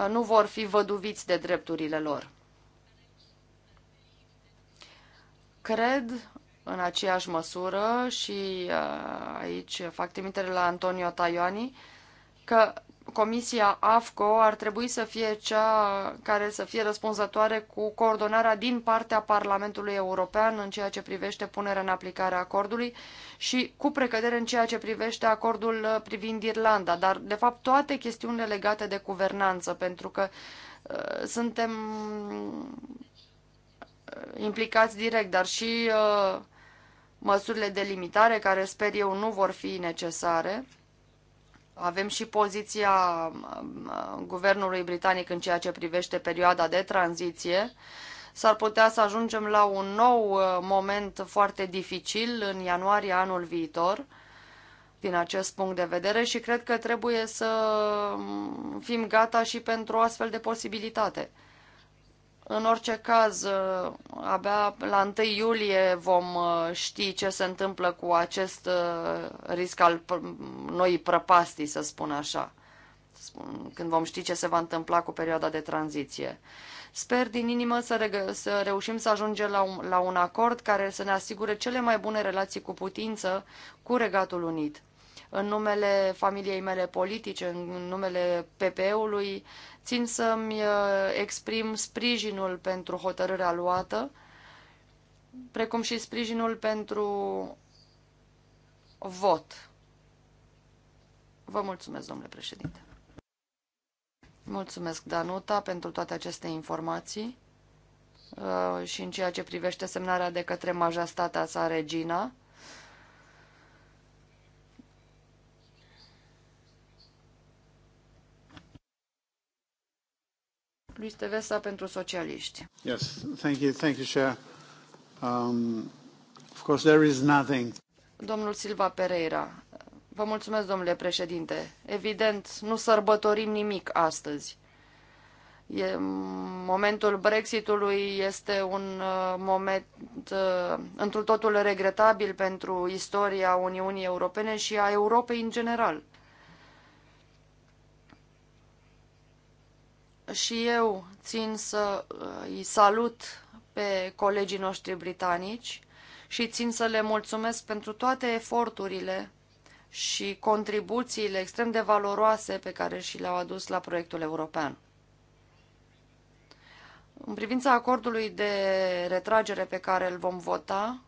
[SPEAKER 3] nu vor fi văduviți de drepturile lor. Cred în aceeași măsură și uh, aici fac trimitere la Antonio Tajani că Comisia AFCO ar trebui să fie cea care să fie răspunzătoare cu coordonarea din partea Parlamentului European în ceea ce privește punerea în aplicare a acordului și cu precădere în ceea ce privește acordul uh, privind Irlanda, dar de fapt toate chestiunile legate de guvernanță, pentru că uh, suntem implicați direct, dar și uh, măsurile de limitare, care sper eu nu vor fi necesare. Avem și poziția uh, guvernului britanic în ceea ce privește perioada de tranziție. S-ar putea să ajungem la un nou uh, moment foarte dificil în ianuarie anul viitor din acest punct de vedere și cred că trebuie să mm, fim gata și pentru o astfel de posibilitate. În orice caz, abia la 1 iulie vom uh, ști ce se întâmplă cu acest uh, risc al noii prăpastii, să spun așa, când vom ști ce se va întâmpla cu perioada de tranziție. Sper din inimă să, să reușim să ajungem la un, la un acord care să ne asigure cele mai bune relații cu putință cu Regatul Unit. În numele familiei mele politice, în numele PPE-ului, Țin să-mi uh, exprim sprijinul pentru hotărârea luată, precum și sprijinul pentru vot. Vă mulțumesc, domnule președinte. Mulțumesc, Danuta, pentru toate aceste informații uh, și în ceea ce privește semnarea de către majestatea sa regina pentru socialiști.
[SPEAKER 1] Yes, thank you, thank you, Chair. Um, of course, there is nothing.
[SPEAKER 3] Domnul Silva Pereira. Vă mulțumesc, domnule președinte. Evident, nu sărbătorim nimic astăzi. E, momentul Brexitului este un uh, moment uh, întru totul regretabil pentru istoria Uniunii Europene și a Europei în general. și eu țin să uh, îi salut pe colegii noștri britanici și țin să le mulțumesc pentru toate eforturile și contribuțiile extrem de valoroase pe care și le-au adus la proiectul european. În privința acordului de retragere pe care îl vom vota,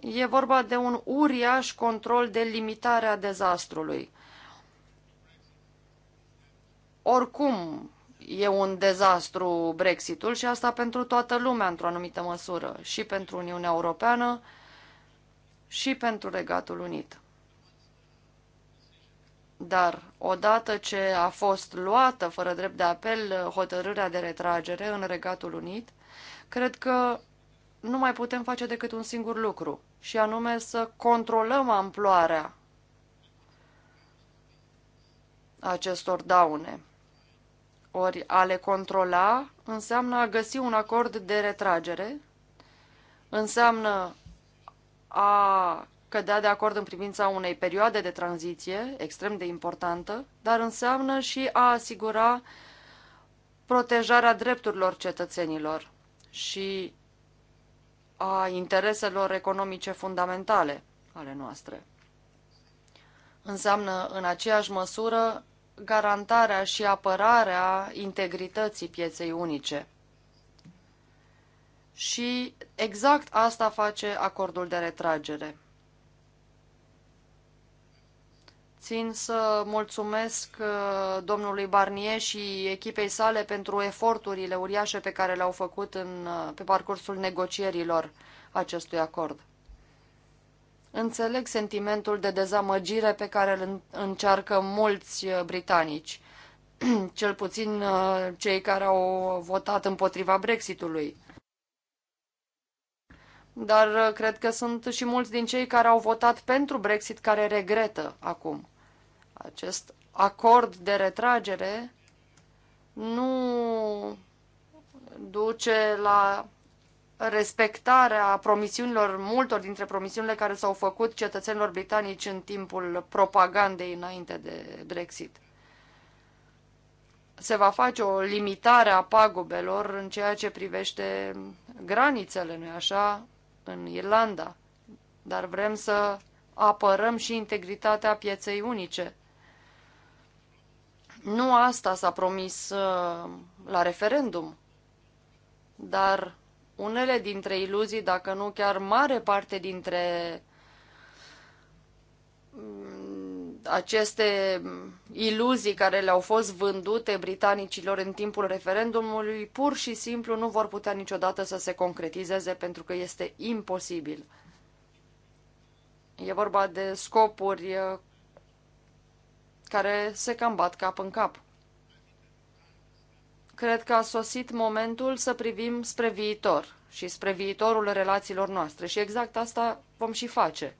[SPEAKER 3] e vorba de un uriaș control de limitare a dezastrului. Oricum, e un dezastru Brexitul și asta pentru toată lumea într-o anumită măsură, și pentru Uniunea Europeană, și pentru Regatul Unit. Dar odată ce a fost luată fără drept de apel hotărârea de retragere în Regatul Unit, cred că nu mai putem face decât un singur lucru, și anume să controlăm amploarea acestor daune. Ori a le controla înseamnă a găsi un acord de retragere, înseamnă a cădea de acord în privința unei perioade de tranziție extrem de importantă, dar înseamnă și a asigura protejarea drepturilor cetățenilor și a intereselor economice fundamentale ale noastre. Înseamnă în aceeași măsură garantarea și apărarea integrității pieței unice. Și exact asta face acordul de retragere. Țin să mulțumesc uh, domnului Barnier și echipei sale pentru eforturile uriașe pe care le-au făcut în, uh, pe parcursul negocierilor acestui acord. Înțeleg sentimentul de dezamăgire pe care îl încearcă mulți uh, britanici, cel puțin uh, cei care au votat împotriva Brexitului. Dar uh, cred că sunt și mulți din cei care au votat pentru Brexit care regretă acum. Acest acord de retragere nu duce la respectarea promisiunilor, multor dintre promisiunile care s-au făcut cetățenilor britanici în timpul propagandei înainte de Brexit. Se va face o limitare a pagubelor în ceea ce privește granițele, nu așa, în Irlanda. Dar vrem să apărăm și integritatea pieței unice. Nu asta s-a promis uh, la referendum, dar unele dintre iluzii, dacă nu chiar mare parte dintre mm, aceste iluzii care le-au fost vândute britanicilor în timpul referendumului pur și simplu nu vor putea niciodată să se concretizeze pentru că este imposibil. E vorba de scopuri uh, care se cam bat cap în cap. Cred că a sosit momentul să privim spre viitor și spre viitorul relațiilor noastre și exact asta vom și face,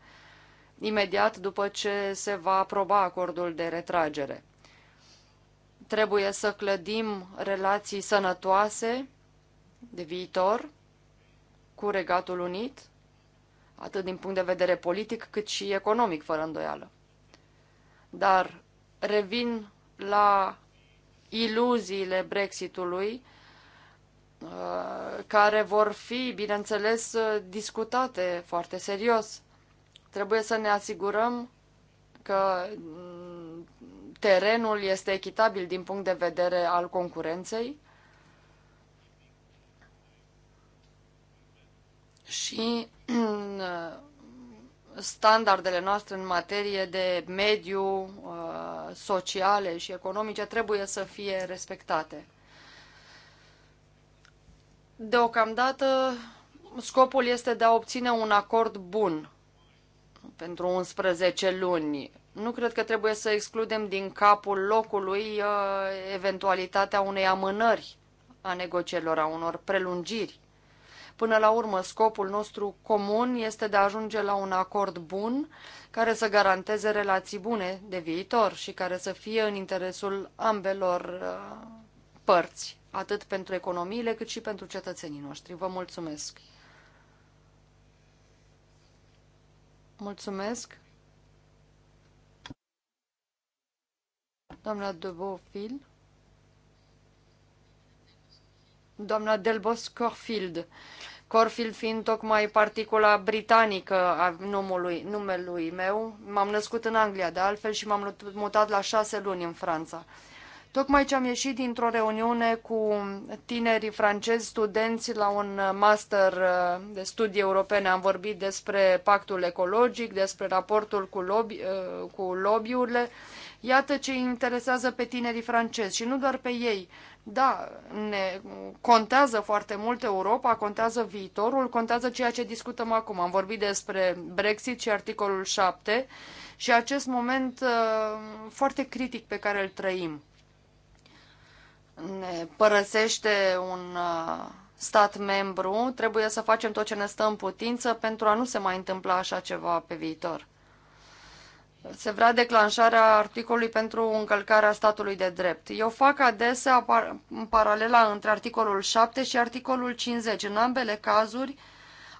[SPEAKER 3] imediat după ce se va aproba acordul de retragere. Trebuie să clădim relații sănătoase de viitor cu Regatul Unit, atât din punct de vedere politic cât și economic, fără îndoială. Dar revin la iluziile Brexitului, uh, care vor fi, bineînțeles, uh, discutate foarte serios. Trebuie să ne asigurăm că mm, terenul este echitabil din punct de vedere al concurenței și uh, standardele noastre în materie de mediu, uh, sociale și economice trebuie să fie respectate. Deocamdată, scopul este de a obține un acord bun pentru 11 luni. Nu cred că trebuie să excludem din capul locului uh, eventualitatea unei amânări a negocierilor, a unor prelungiri. Până la urmă, scopul nostru comun este de a ajunge la un acord bun care să garanteze relații bune de viitor și care să fie în interesul ambelor uh, părți, atât pentru economiile cât și pentru cetățenii noștri. Vă mulțumesc! Mulțumesc! Doamna de Beaufil. Doamna Delbos Corfield. Corfield fiind tocmai particula britanică a numului, numelui meu, m-am născut în Anglia de altfel și m-am mutat la șase luni în Franța. Tocmai ce am ieșit dintr-o reuniune cu tinerii francezi studenți la un uh, master uh, de studii europene, am vorbit despre pactul ecologic, despre raportul cu, lobby, uh, cu lobby-urile, Iată ce interesează pe tinerii francezi și nu doar pe ei. Da, ne contează foarte mult Europa, contează viitorul, contează ceea ce discutăm acum. Am vorbit despre Brexit și articolul 7 și acest moment uh, foarte critic pe care îl trăim. Ne părăsește un uh, stat membru, trebuie să facem tot ce ne stă în putință pentru a nu se mai întâmpla așa ceva pe viitor se vrea declanșarea articolului pentru încălcarea statului de drept. Eu fac adesea par paralela între articolul 7 și articolul 50. În ambele cazuri,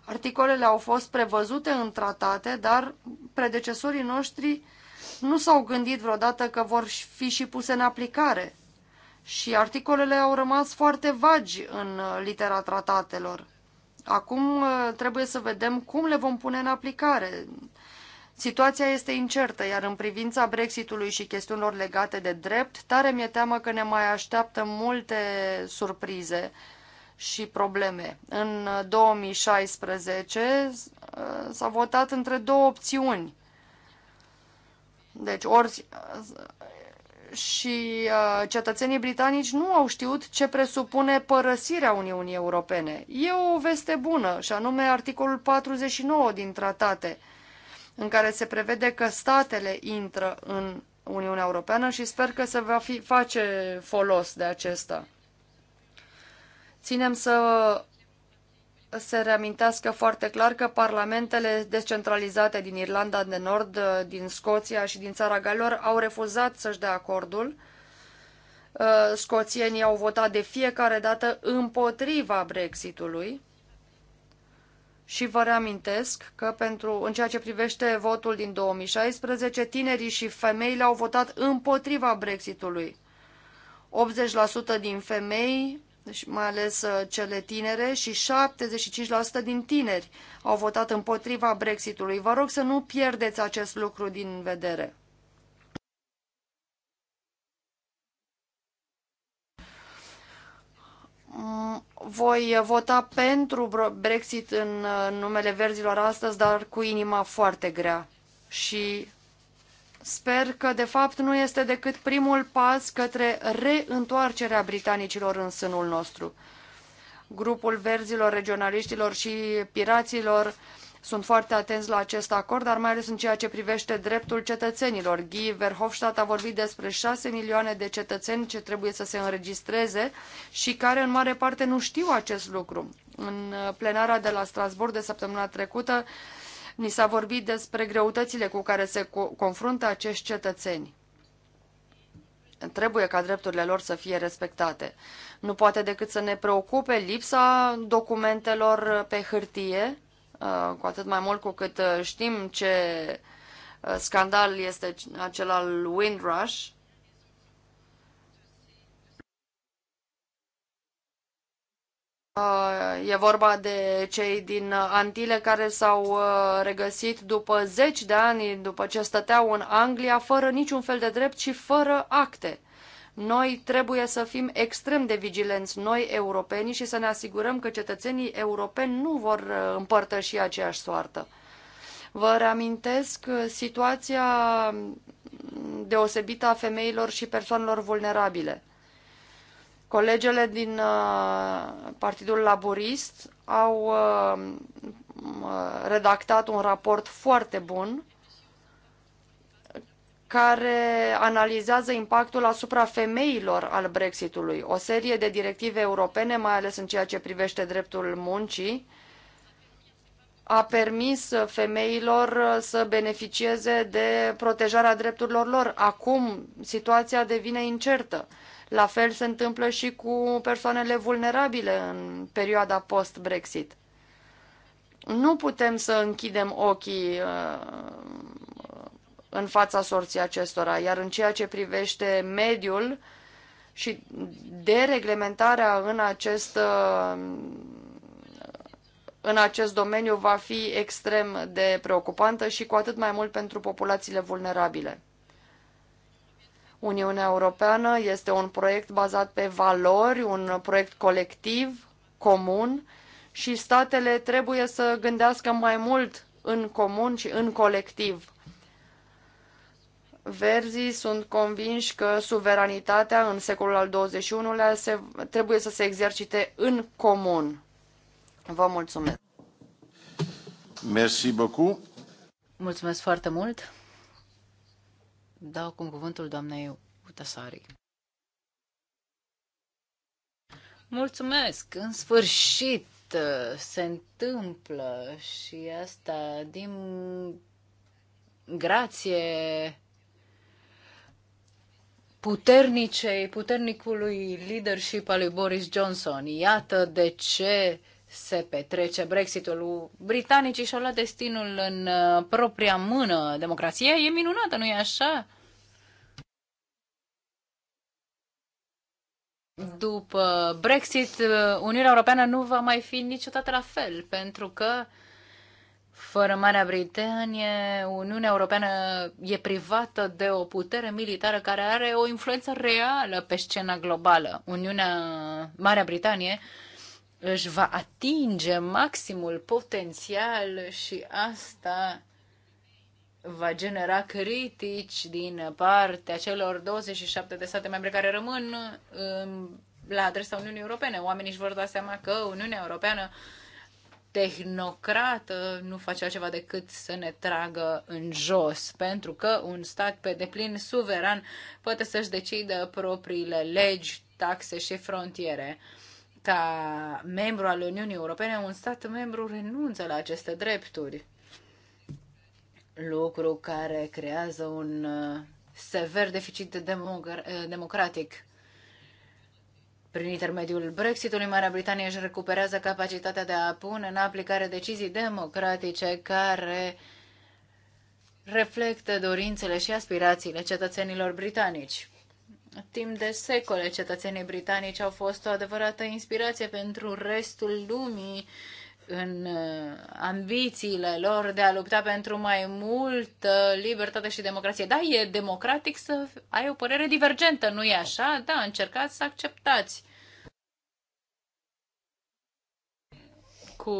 [SPEAKER 3] articolele au fost prevăzute în tratate, dar predecesorii noștri nu s-au gândit vreodată că vor fi și puse în aplicare. Și articolele au rămas foarte vagi în uh, litera tratatelor. Acum uh, trebuie să vedem cum le vom pune în aplicare, Situația este incertă, iar în privința Brexitului și chestiunilor legate de drept, tare mi-e teamă că ne mai așteaptă multe surprize și probleme. În 2016 s-a votat între două opțiuni. Deci ori și uh, cetățenii britanici nu au știut ce presupune părăsirea Uniunii Europene. E o veste bună, și anume articolul 49 din tratate – în care se prevede că statele intră în Uniunea Europeană și sper că se va fi, face folos de acesta. Ținem să se reamintească foarte clar că parlamentele descentralizate din Irlanda de Nord, din Scoția și din țara Galor au refuzat să-și dea acordul. Uh, scoțienii au votat de fiecare dată împotriva Brexitului și vă reamintesc că pentru, în ceea ce privește votul din 2016, tinerii și femeile au votat împotriva Brexitului. 80% din femei, mai ales uh, cele tinere, și 75% din tineri au votat împotriva Brexitului. Vă rog să nu pierdeți acest lucru din vedere. Mm, voi vota pentru Brexit în numele verzilor astăzi, dar cu inima foarte grea. Și sper că, de fapt, nu este decât primul pas către reîntoarcerea britanicilor în sânul nostru. Grupul verzilor, regionaliștilor și piraților sunt foarte atenți la acest acord, dar mai ales în ceea ce privește dreptul cetățenilor. Guy Verhofstadt a vorbit despre 6 milioane de cetățeni ce trebuie să se înregistreze și care în mare parte nu știu acest lucru. În uh, plenara de la Strasbourg de săptămâna trecută ni s-a vorbit despre greutățile cu care se confruntă acești cetățeni trebuie ca drepturile lor să fie respectate. Nu poate decât să ne preocupe lipsa documentelor pe hârtie Uh, cu atât mai mult cu cât uh, știm ce uh, scandal este acel al Windrush. E vorba de cei din Antile care s-au regăsit după zeci de ani după ce stăteau în Anglia fără niciun fel de drept și fără acte. Noi trebuie să fim extrem de vigilenți, noi europenii, și să ne asigurăm că cetățenii europeni nu vor uh, împărtăși aceeași soartă. Vă reamintesc uh, situația mm, deosebită a femeilor și persoanelor vulnerabile. Colegele din uh, Partidul Laborist au redactat un raport foarte bun care analizează impactul asupra femeilor al Brexitului, o serie de directive europene, mai ales în ceea ce privește dreptul muncii, a permis femeilor să beneficieze de protejarea drepturilor lor. Acum situația devine incertă. La fel se întâmplă și cu persoanele vulnerabile în perioada post-Brexit. Nu putem să închidem ochii uh, în fața sorții acestora. Iar în ceea ce privește mediul și dereglementarea în acest, uh, în acest domeniu va fi extrem de preocupantă și cu atât mai mult pentru populațiile vulnerabile. Uniunea Europeană este un proiect bazat pe valori, un proiect colectiv, comun și statele trebuie să gândească mai mult în comun și în colectiv Verzii sunt convinși că suveranitatea în secolul al XXI-lea se, trebuie să se exercite în comun. Vă mulțumesc!
[SPEAKER 1] Merci beaucoup!
[SPEAKER 4] Mulțumesc foarte mult! Dau acum cuvântul doamnei Utasari. Mulțumesc! În sfârșit uh, se întâmplă și asta din grație puternicei, puternicului leadership al lui Boris Johnson. Iată de ce se petrece Brexitul. Britanicii și-au luat destinul în uh, propria mână. Democrația e minunată, nu e așa? După Brexit, uh, Uniunea Europeană nu va mai fi niciodată la fel, pentru că uh, fără Marea Britanie, Uniunea Europeană e privată de o putere militară care are o influență reală pe scena globală. Uniunea Marea Britanie își va atinge maximul potențial și asta va genera critici din partea celor 27 de state membre care rămân um, la adresa Uniunii Europene. Oamenii își vor da seama că Uniunea Europeană uh, tehnocrată uh, nu face altceva decât să ne tragă în jos, pentru că un stat pe deplin suveran poate să-și decidă propriile legi, taxe și frontiere. Ca membru al Uniunii Europene, un stat membru renunță la aceste drepturi, lucru care creează un uh, sever deficit democratic prin intermediul Brexitului, Marea Britanie își recuperează capacitatea de a pune în aplicare decizii democratice care reflectă dorințele și aspirațiile cetățenilor britanici. Timp de secole, cetățenii britanici au fost o adevărată inspirație pentru restul lumii în uh, ambițiile lor de a lupta pentru mai multă libertate și democrație. Da, e democratic să ai o părere divergentă, nu e așa? Da, încercați să acceptați. Cu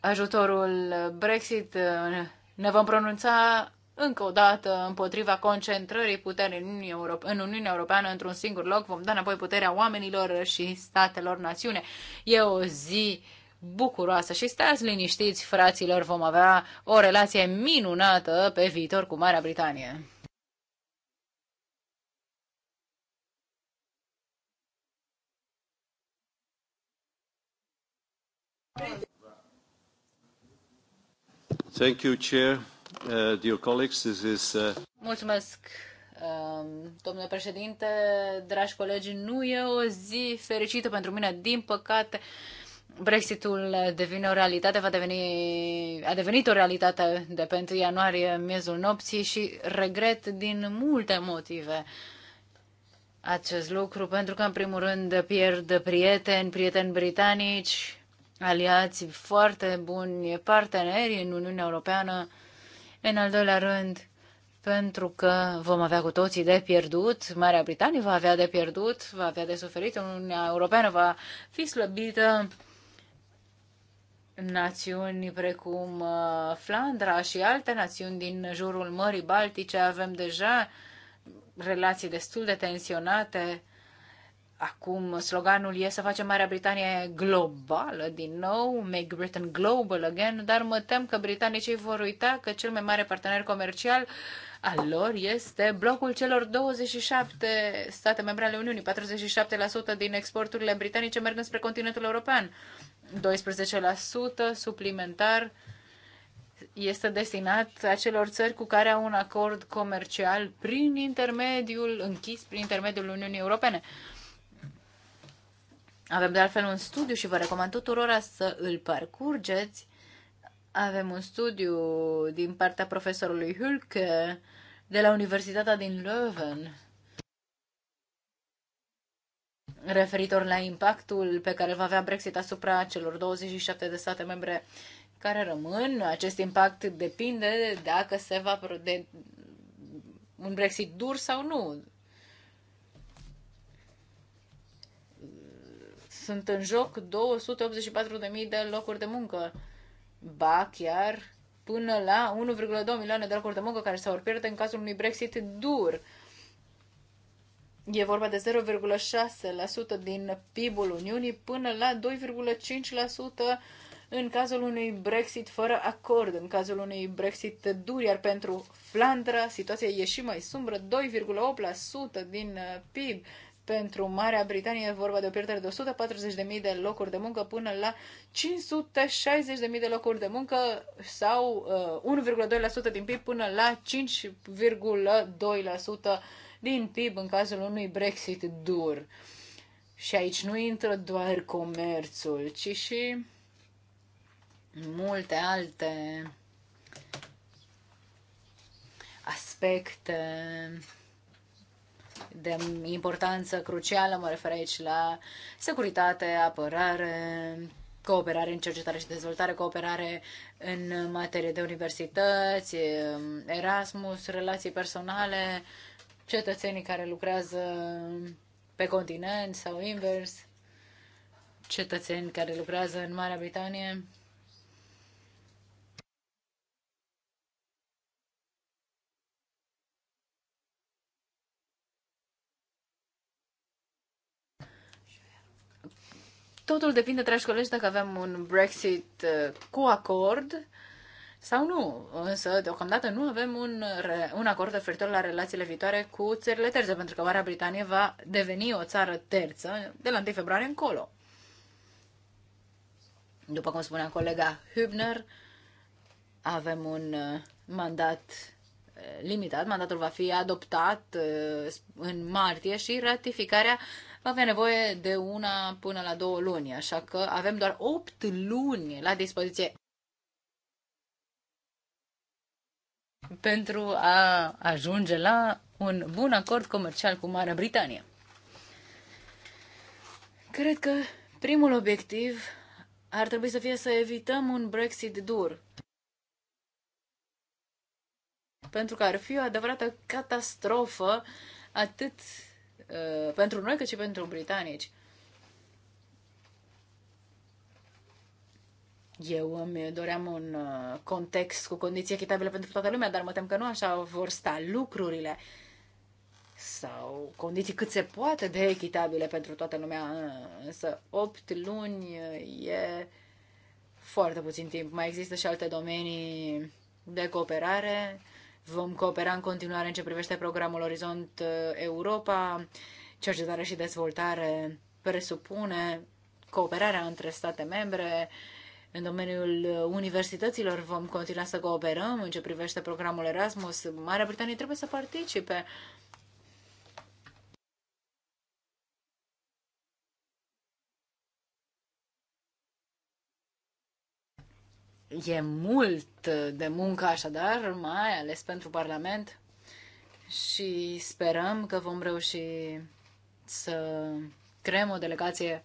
[SPEAKER 4] ajutorul Brexit uh, ne vom pronunța încă o dată împotriva concentrării puterii în Uniunea, Europe- în Uniunea Europeană într-un singur loc. Vom da înapoi puterea oamenilor și statelor națiune. E o zi bucuroasă și stați liniștiți, fraților, vom avea o relație minunată pe viitor cu Marea Britanie.
[SPEAKER 2] Thank you, Chair. Uh, uh,
[SPEAKER 4] Mulțumesc, um, domnule președinte, dragi colegi. Nu e o zi fericită pentru mine, din păcate. Brexitul devine o realitate, va deveni, a devenit o realitate de pe 1 ianuarie miezul nopții și regret din multe motive acest lucru, pentru că în primul rând pierd prieteni, prieteni britanici, aliați foarte buni, parteneri în Uniunea Europeană în al doilea rând, pentru că vom avea cu toții de pierdut, Marea Britanie va avea de pierdut, va avea de suferit, Uniunea Europeană va fi slăbită, națiuni precum uh, Flandra și alte națiuni din jurul Mării Baltice avem deja relații destul de tensionate Acum sloganul e să facem Marea Britanie globală din nou, Make Britain Global Again, dar mă tem că britanicii vor uita că cel mai mare partener comercial al lor este blocul celor 27 state membre ale Uniunii. 47% din exporturile britanice merg spre continentul european. 12% suplimentar este destinat acelor țări cu care au un acord comercial prin intermediul închis, prin intermediul Uniunii Europene. Avem de altfel un studiu și vă recomand tuturora să îl parcurgeți. Avem un studiu din partea profesorului Hülke de la Universitatea din Leuven referitor la impactul pe care îl va avea Brexit asupra celor 27 de state membre care rămân. Acest impact depinde dacă se va de un Brexit dur sau nu. sunt în joc 284.000 de locuri de muncă. Ba chiar până la 1,2 milioane de locuri de muncă care s-au pierde în cazul unui Brexit dur. E vorba de 0,6% din PIB-ul Uniunii până la 2,5% în cazul unui Brexit fără acord, în cazul unui Brexit dur, iar pentru Flandra situația e și mai sumbră, 2,8% din PIB. Pentru Marea Britanie e vorba de o pierdere de 140.000 de locuri de muncă până la 560.000 de locuri de muncă sau uh, 1,2% din PIB până la 5,2% din PIB în cazul unui Brexit dur. Și aici nu intră doar comerțul, ci și multe alte aspecte de importanță crucială, mă refer aici la securitate, apărare, cooperare în cercetare și dezvoltare, cooperare în materie de universități, Erasmus, relații personale, cetățenii care lucrează pe continent sau invers, cetățeni care lucrează în Marea Britanie. Totul depinde, dragi colegi, dacă avem un Brexit uh, cu acord sau nu. Însă, deocamdată, nu avem un, un acord referitor la relațiile viitoare cu țările terțe, pentru că Marea Britanie va deveni o țară terță de la 1 februarie încolo. După cum spunea colega Hübner, avem un uh, mandat uh, limitat. Mandatul va fi adoptat în martie și ratificarea va avea nevoie de una până la două luni, așa că avem doar opt luni la dispoziție pentru a ajunge la un bun acord comercial cu Marea Britanie. Cred că primul obiectiv ar trebui să fie să evităm un Brexit dur. Pentru că ar fi o adevărată catastrofă atât Uh, pentru noi, cât și pentru britanici. Eu îmi doream un uh, context cu condiții echitabile pentru toată lumea, dar mă tem că nu așa vor sta lucrurile. Sau condiții cât se poate de echitabile pentru toată lumea, uh, însă 8 luni e foarte puțin timp. Mai există și alte domenii de cooperare Vom coopera în continuare în ce privește programul Orizont uh, Europa. Cercetare și dezvoltare presupune cooperarea între state membre. În domeniul uh, universităților vom continua să cooperăm în ce privește programul Erasmus. Marea Britanie trebuie să participe E mult de muncă așadar, mai ales pentru Parlament și sperăm că vom reuși să creăm o delegație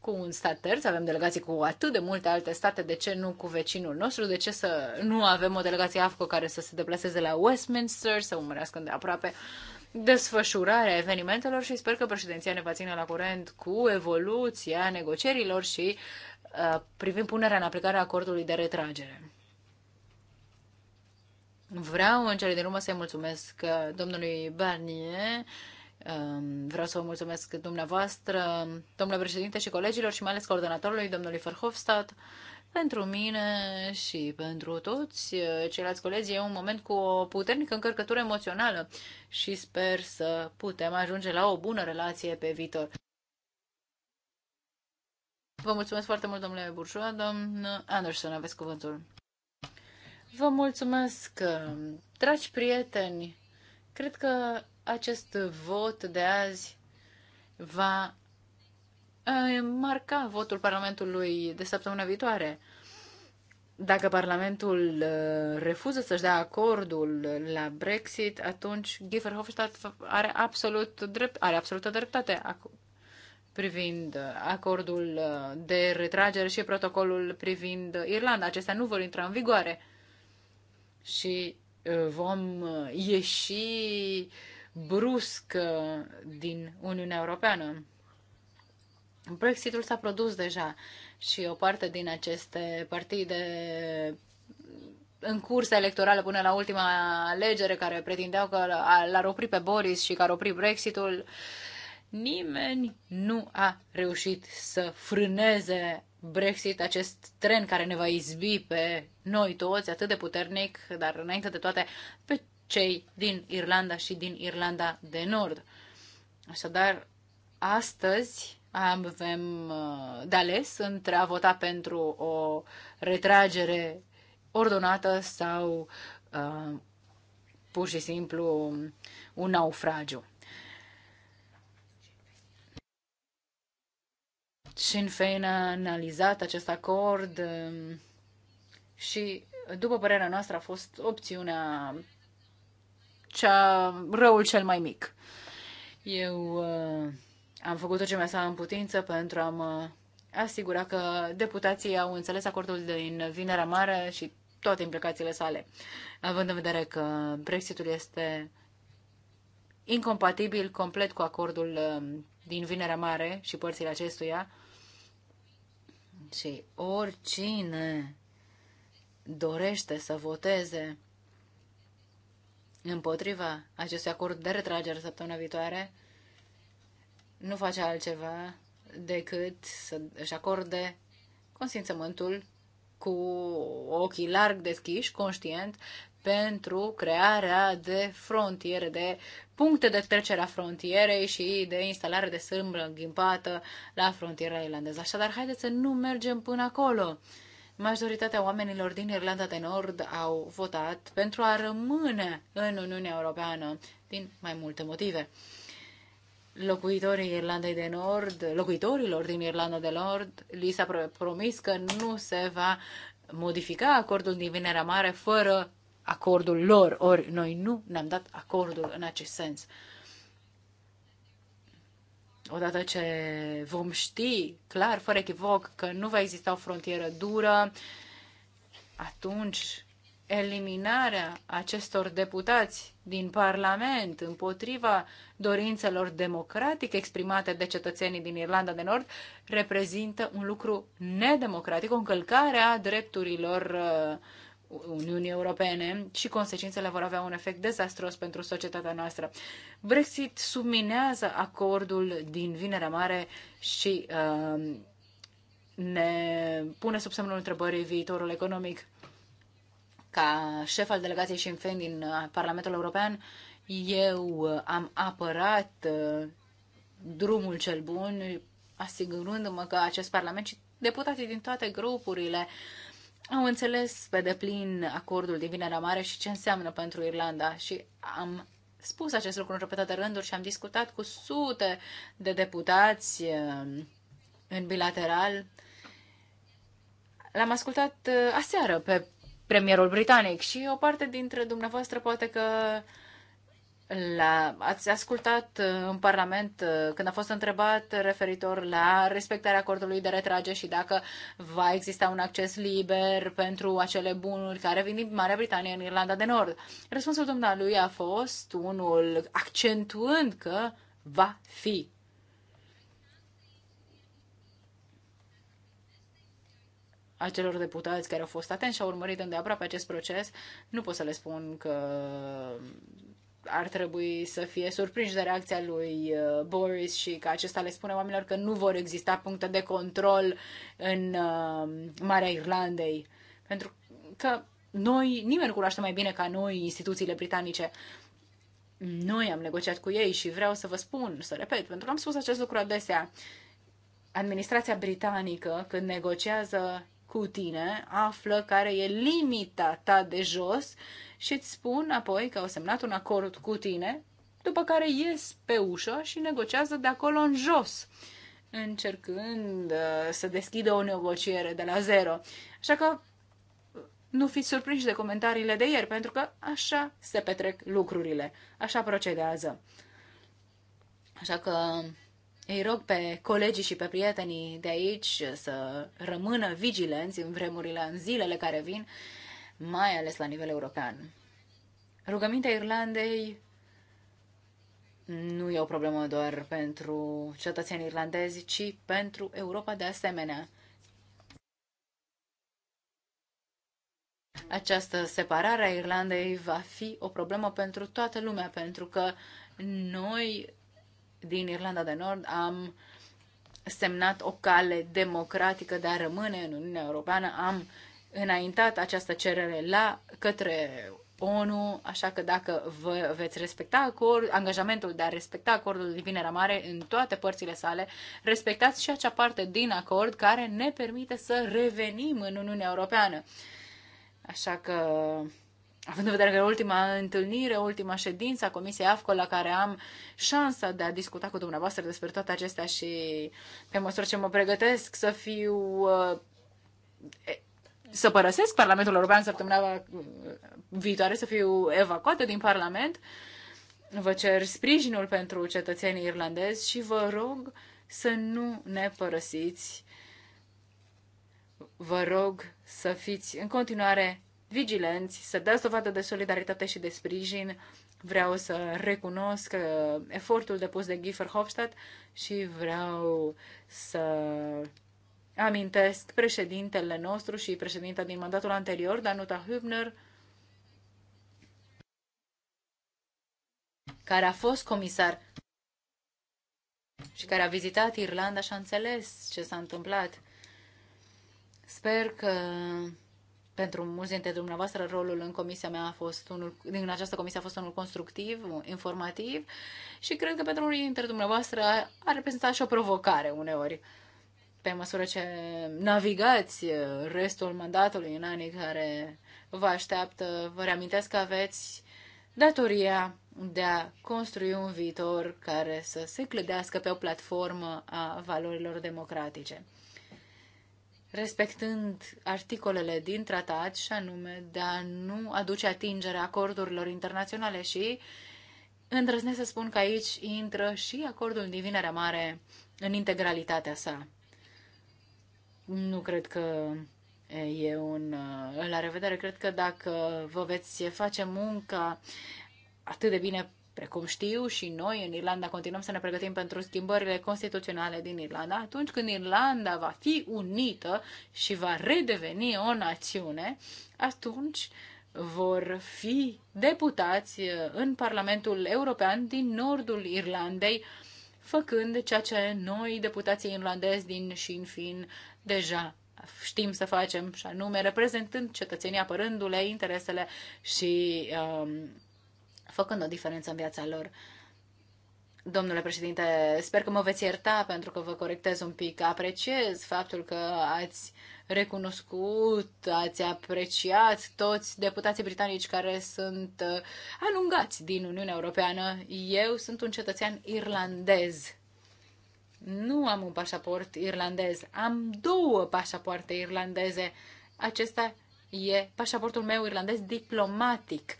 [SPEAKER 4] cu un stat terț, avem delegații cu atât de multe alte state, de ce nu cu vecinul nostru, de ce să nu avem o delegație AFCO care să se deplaseze la Westminster, să urmărească de aproape uh, desfășurarea evenimentelor și sper că președinția ne va ține la curent cu evoluția negocierilor și uh, privind punerea în aplicare a acordului de retragere. Vreau în cele din urmă să-i mulțumesc uh, domnului Barnier, um, vreau să vă mulțumesc dumneavoastră, domnule președinte și colegilor și mai ales coordonatorului, domnului Verhofstadt, pentru mine și pentru toți uh, ceilalți colegi e un moment cu o puternică încărcătură emoțională și sper să putem ajunge la o bună relație pe viitor. Vă mulțumesc foarte mult, domnule Burșoa. domn Anderson, aveți cuvântul. Vă mulțumesc, uh, dragi prieteni. Cred că acest vot de azi va marca votul Parlamentului de săptămâna viitoare. Dacă Parlamentul uh, refuză să-și dea acordul la Brexit, atunci Guy Verhofstadt are, absolut drept, are absolută dreptate privind uh, acordul uh, de retragere și protocolul privind Irlanda. Acestea nu vor intra în vigoare și vom ieși brusc din Uniunea Europeană. Brexitul s-a produs deja și o parte din aceste partide în cursa electorală până la ultima alegere care pretindeau că l-ar opri pe Boris și că ar opri Brexitul, nimeni nu a reușit să frâneze Brexit, acest tren care ne va izbi pe noi toți atât de puternic, dar înainte de toate pe cei din Irlanda și din Irlanda de Nord. Așadar, astăzi avem uh, de ales între a vota pentru o retragere ordonată sau uh, pur și simplu un naufragiu. Sinn Fein a analizat acest acord um, și, după părerea noastră, a fost opțiunea cea răul cel mai mic. Eu uh, am făcut tot ce mi-a în putință pentru a mă asigura că deputații au înțeles acordul din Vinerea Mare și toate implicațiile sale. Având în vedere că Brexitul este incompatibil complet cu acordul um, din Vinerea Mare și părțile acestuia, și oricine dorește să voteze împotriva acestui acord de retragere săptămâna viitoare, nu face altceva decât să își acorde consimțământul cu ochii larg deschiși, conștient, pentru crearea de frontiere, de puncte de trecere a frontierei și de instalare de sâmbră înghimpată la frontiera irlandeză. Așadar, haideți să nu mergem până acolo. Majoritatea oamenilor din Irlanda de Nord au votat pentru a rămâne în Uniunea Europeană din mai multe motive locuitorii Irlandei de Nord, locuitorilor din Irlanda de Nord, li s-a promis că nu se va modifica acordul din Vinerea Mare fără acordul lor, ori noi nu ne-am dat acordul în acest sens. Odată ce vom ști clar, fără echivoc, că nu va exista o frontieră dură, atunci eliminarea acestor deputați din Parlament împotriva dorințelor democratic exprimate de cetățenii din Irlanda de Nord reprezintă un lucru nedemocratic, o încălcare a drepturilor uh, Uniunii Europene și consecințele vor avea un efect dezastros pentru societatea noastră. Brexit subminează acordul din Vinerea Mare și uh, ne pune sub semnul întrebării viitorul economic ca șef al delegației Sinn Féin din uh, Parlamentul European, eu uh, am apărat uh, drumul cel bun, asigurându-mă că acest Parlament și deputații din toate grupurile au înțeles pe deplin acordul din Vinerea Mare și ce înseamnă pentru Irlanda și am spus acest lucru în repetate rânduri și am discutat cu sute de deputați în bilateral. L-am ascultat aseară pe premierul britanic și o parte dintre dumneavoastră poate că la, ați ascultat uh, în Parlament uh, când a fost întrebat referitor la respectarea acordului de retrage și dacă va exista un acces liber pentru acele bunuri care vin din Marea Britanie în Irlanda de Nord. Răspunsul dumnealui a fost unul accentuând că va fi acelor deputați care au fost atenți și au urmărit îndeaproape acest proces, nu pot să le spun că ar trebui să fie surprinși de reacția lui uh, Boris și că acesta le spune oamenilor că nu vor exista puncte de control în uh, Marea Irlandei. Pentru că noi, nimeni nu cunoaște mai bine ca noi instituțiile britanice. Noi am negociat cu ei și vreau să vă spun, să repet, pentru că am spus acest lucru adesea, administrația britanică, când negociază cu tine, află care e limita ta de jos și îți spun apoi că au semnat un acord cu tine, după care ies pe ușă și negociază de acolo în jos, încercând uh, să deschidă o negociere de la zero. Așa că uh, nu fiți surprinși de comentariile de ieri, pentru că așa se petrec lucrurile, așa procedează. Așa că îi rog pe colegii și pe prietenii de aici să rămână vigilenți în vremurile, în zilele care vin, mai ales la nivel european. Rugămintea Irlandei nu e o problemă doar pentru cetățenii irlandezi, ci pentru Europa de asemenea. Această separare a Irlandei va fi o problemă pentru toată lumea, pentru că noi din Irlanda de Nord am semnat o cale democratică de a rămâne în Uniunea Europeană, am înaintat această cerere la către ONU, așa că dacă vă veți respecta acord, angajamentul de a respecta acordul din Vinerea Mare în toate părțile sale, respectați și acea parte din acord care ne permite să revenim în Uniunea Europeană. Așa că având în vedere că ultima întâlnire, ultima ședință a Comisiei AFCO la care am șansa de a discuta cu dumneavoastră despre toate acestea și pe măsură ce mă pregătesc să fiu uh, să părăsesc Parlamentul European săptămâna uh, viitoare, să fiu evacuată din Parlament. Vă cer sprijinul pentru cetățenii irlandezi și vă rog să nu ne părăsiți. Vă rog să fiți în continuare vigilenți, să dați dovadă de solidaritate și de sprijin. Vreau să recunosc uh, efortul depus de Giefer Hofstadt și vreau să amintesc președintele nostru și președinta din mandatul anterior, Danuta Hübner, care a fost comisar și care a vizitat Irlanda și a înțeles ce s-a întâmplat. Sper că pentru mulți dintre dumneavoastră rolul în comisia mea a fost unul, în această comisie a fost unul constructiv, informativ și cred că pentru unii dintre dumneavoastră a reprezentat și o provocare uneori. Pe măsură ce navigați restul mandatului în anii care vă așteaptă, vă reamintesc că aveți datoria de a construi un viitor care să se clădească pe o platformă a valorilor democratice respectând articolele din tratat și anume de a nu aduce atingere acordurilor internaționale și îndrăznesc să spun că aici intră și acordul din Vinerea Mare în integralitatea sa. Nu cred că e un... La revedere, cred că dacă vă veți face munca atât de bine precum știu și noi în Irlanda continuăm să ne pregătim pentru schimbările constituționale din Irlanda, atunci când Irlanda va fi unită și va redeveni o națiune, atunci vor fi deputați uh, în Parlamentul European din nordul Irlandei, făcând ceea ce noi, deputații irlandezi din Sinn Fin, deja știm să facem, și anume reprezentând cetățenii, apărându-le interesele și um, făcând o diferență în viața lor. Domnule președinte, sper că mă veți ierta pentru că vă corectez un pic. Apreciez faptul că ați recunoscut, ați apreciat toți deputații britanici care sunt uh, alungați din Uniunea Europeană. Eu sunt un cetățean irlandez. Nu am un pașaport irlandez, am două pașapoarte irlandeze. Acesta e pașaportul meu irlandez diplomatic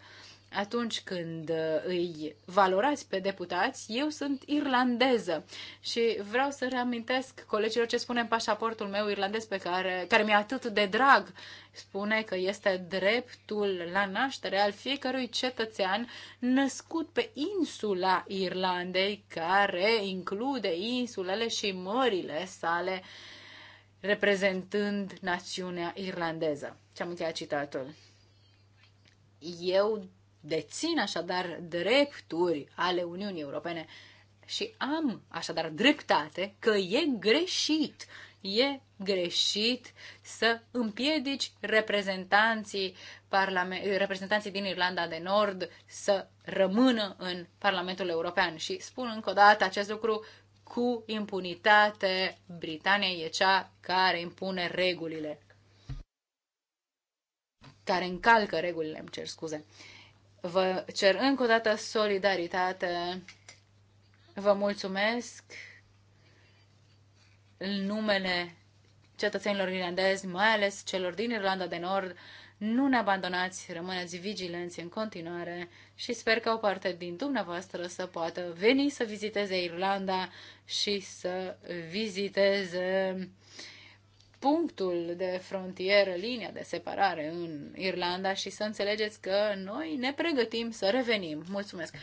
[SPEAKER 4] atunci când uh, îi valorați pe deputați, eu sunt irlandeză și vreau să reamintesc colegilor ce spune în pașaportul meu irlandez pe care, care mi-e atât de drag. Spune că este dreptul la naștere al fiecărui cetățean născut pe insula Irlandei, care include insulele și mările sale reprezentând națiunea irlandeză. Ce am încheiat citatul. Eu dețin așadar drepturi ale Uniunii Europene și am așadar dreptate că e greșit, e greșit să împiedici reprezentanții, reprezentanții din Irlanda de Nord să rămână în Parlamentul European. Și spun încă o dată acest lucru cu impunitate. Britania e cea care impune regulile care încalcă regulile, îmi cer scuze. Vă cer încă o dată solidaritate. Vă mulțumesc în numele cetățenilor irlandezi, mai ales celor din Irlanda de Nord. Nu ne abandonați, rămâneți vigilenți în continuare și sper că o parte din dumneavoastră să poată veni să viziteze Irlanda și să viziteze punctul de frontieră, linia de separare în Irlanda și să înțelegeți că noi ne pregătim să revenim. Mulțumesc!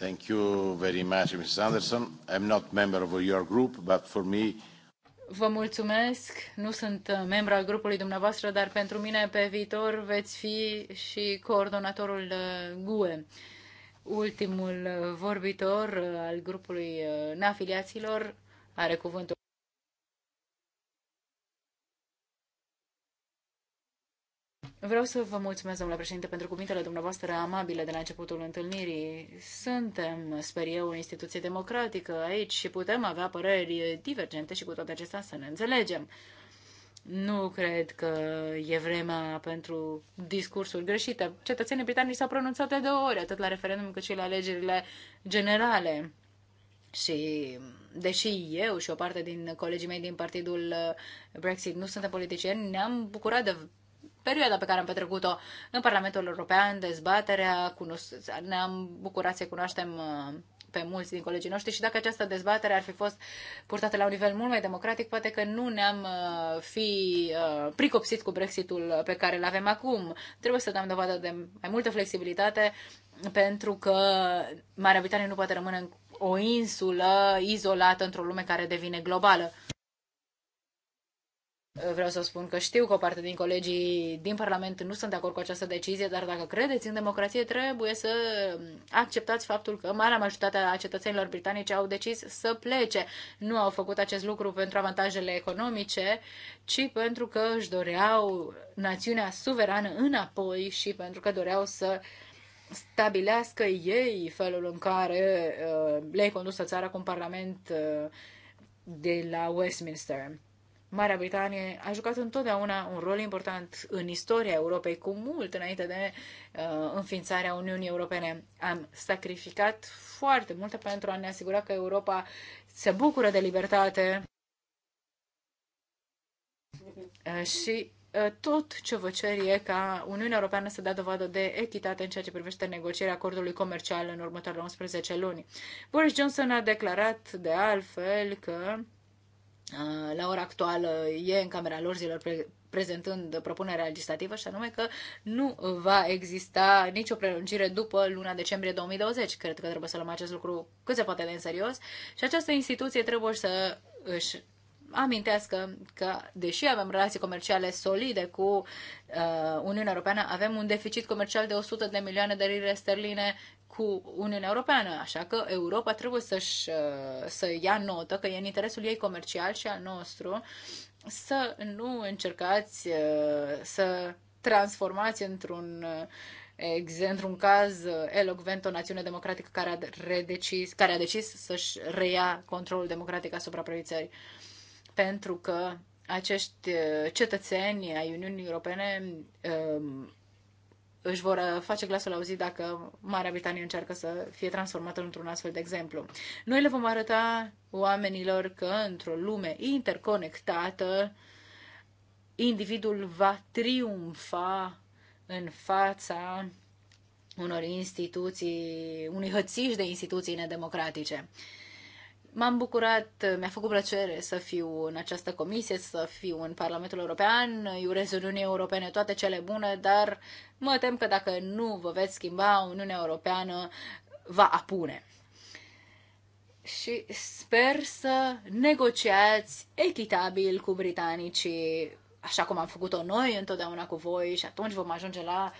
[SPEAKER 1] Thank you very much, Mrs. Anderson. I'm not member of your group, but for me
[SPEAKER 4] Vă mulțumesc, nu sunt membru al grupului dumneavoastră, dar pentru mine pe viitor veți fi și coordonatorul uh, GUE. Ultimul uh, vorbitor uh, al grupului uh, neafiliaților are cuvântul. Vreau să vă mulțumesc, domnule președinte, pentru cuvintele dumneavoastră amabile de la începutul întâlnirii. Suntem, sper eu, o instituție democratică aici și putem avea păreri divergente și cu toate acestea să ne înțelegem. Nu cred că e vremea pentru discursuri greșite. Cetățenii britanici s-au pronunțat de două ori, atât la referendum cât și la alegerile generale. Și deși eu și o parte din colegii mei din partidul uh, Brexit nu suntem politicieni, ne-am bucurat de perioada pe care am petrecut-o în Parlamentul European, dezbaterea, cunos- ne-am bucurat să cunoaștem uh, pe mulți din colegii noștri și dacă această dezbatere ar fi fost purtată la un nivel mult mai democratic, poate că nu ne-am uh, fi uh, pricopsit cu Brexitul pe care îl avem acum. Trebuie să dăm dovadă de mai multă flexibilitate pentru că Marea Britanie nu poate rămâne o insulă izolată într-o lume care devine globală. Vreau să spun că știu că o parte din colegii din Parlament nu sunt de acord cu această decizie, dar dacă credeți în democrație, trebuie să acceptați faptul că marea majoritate a cetățenilor britanici au decis să plece. Nu au făcut acest lucru pentru avantajele economice, ci pentru că își doreau națiunea suverană înapoi și pentru că doreau să stabilească ei felul în care uh, le-ai condusă țara cu un parlament uh, de la Westminster. Marea Britanie a jucat întotdeauna un rol important în istoria Europei, cu mult înainte de uh, înființarea Uniunii Europene. Am sacrificat foarte mult pentru a ne asigura că Europa se bucură de libertate uh, și uh, tot ce vă cer e ca Uniunea Europeană să dea dovadă de echitate în ceea ce privește negocierea acordului comercial în următoarele 11 luni. Boris Johnson a declarat de altfel că Ah, la ora actuală e în Camera lor zilor pre- prezentând propunerea legislativă și anume că nu va exista nicio prelungire după luna decembrie 2020. Cred că trebuie să luăm acest lucru cât se poate de în serios și această instituție trebuie să își amintească că, deși avem relații comerciale solide cu uh, Uniunea Europeană, avem un deficit comercial de 100 de milioane de lire sterline cu Uniunea Europeană, așa că Europa trebuie să-și, uh, să ia notă că e în interesul ei comercial și al nostru să nu încercați uh, să transformați într-un uh, într-un caz elocvent o națiune democratică care a, redecis, care a decis să-și reia controlul democratic asupra proiectării. Pentru că acești cetățeni ai Uniunii Europene um, își vor uh, face glasul auzit dacă Marea Britanie încearcă să fie transformată într-un astfel de exemplu. Noi le vom arăta oamenilor că într-o lume interconectată, individul va triumfa în fața unor instituții, unui hățiș de instituții nedemocratice. M-am bucurat, mi-a făcut plăcere să fiu în această comisie, să fiu în Parlamentul European, îi urez Uniunii Europene toate cele bune, dar mă tem că dacă nu vă veți schimba, Uniunea Europeană va apune. Și sper să negociați echitabil cu britanicii, așa cum am făcut-o noi întotdeauna cu voi și atunci vom ajunge la uh,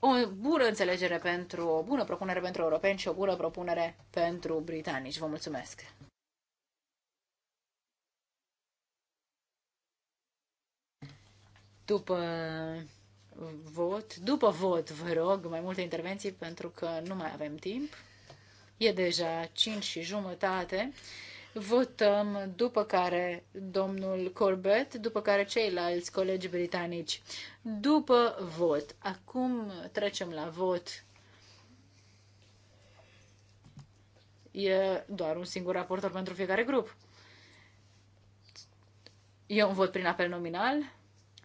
[SPEAKER 4] o bună înțelegere pentru, o bună propunere pentru europeni și o bună propunere pentru britanici. Vă mulțumesc! După vot, după vot, vă rog, mai multe intervenții pentru că nu mai avem timp. E deja 5 și jumătate votăm după care domnul Corbett, după care ceilalți colegi britanici. După vot. Acum trecem la vot. E doar un singur raportor pentru fiecare grup. E un vot prin apel nominal.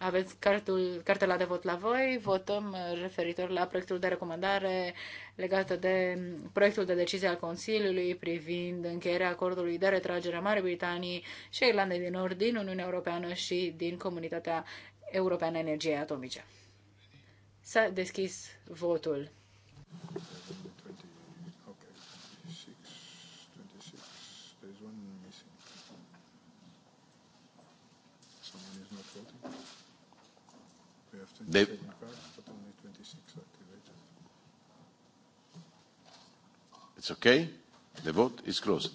[SPEAKER 4] Aveți cartul, cartela de vot la voi. Votăm uh, referitor la proiectul de recomandare legată de mm, proiectul de decizie al Consiliului privind încheierea acordului de retragere a Marii Britanii și Irlandei din Nord din Uniunea Europeană și din Comunitatea Europeană a Energiei Atomice. S-a deschis votul.
[SPEAKER 1] They, it's okay. The vote is closed.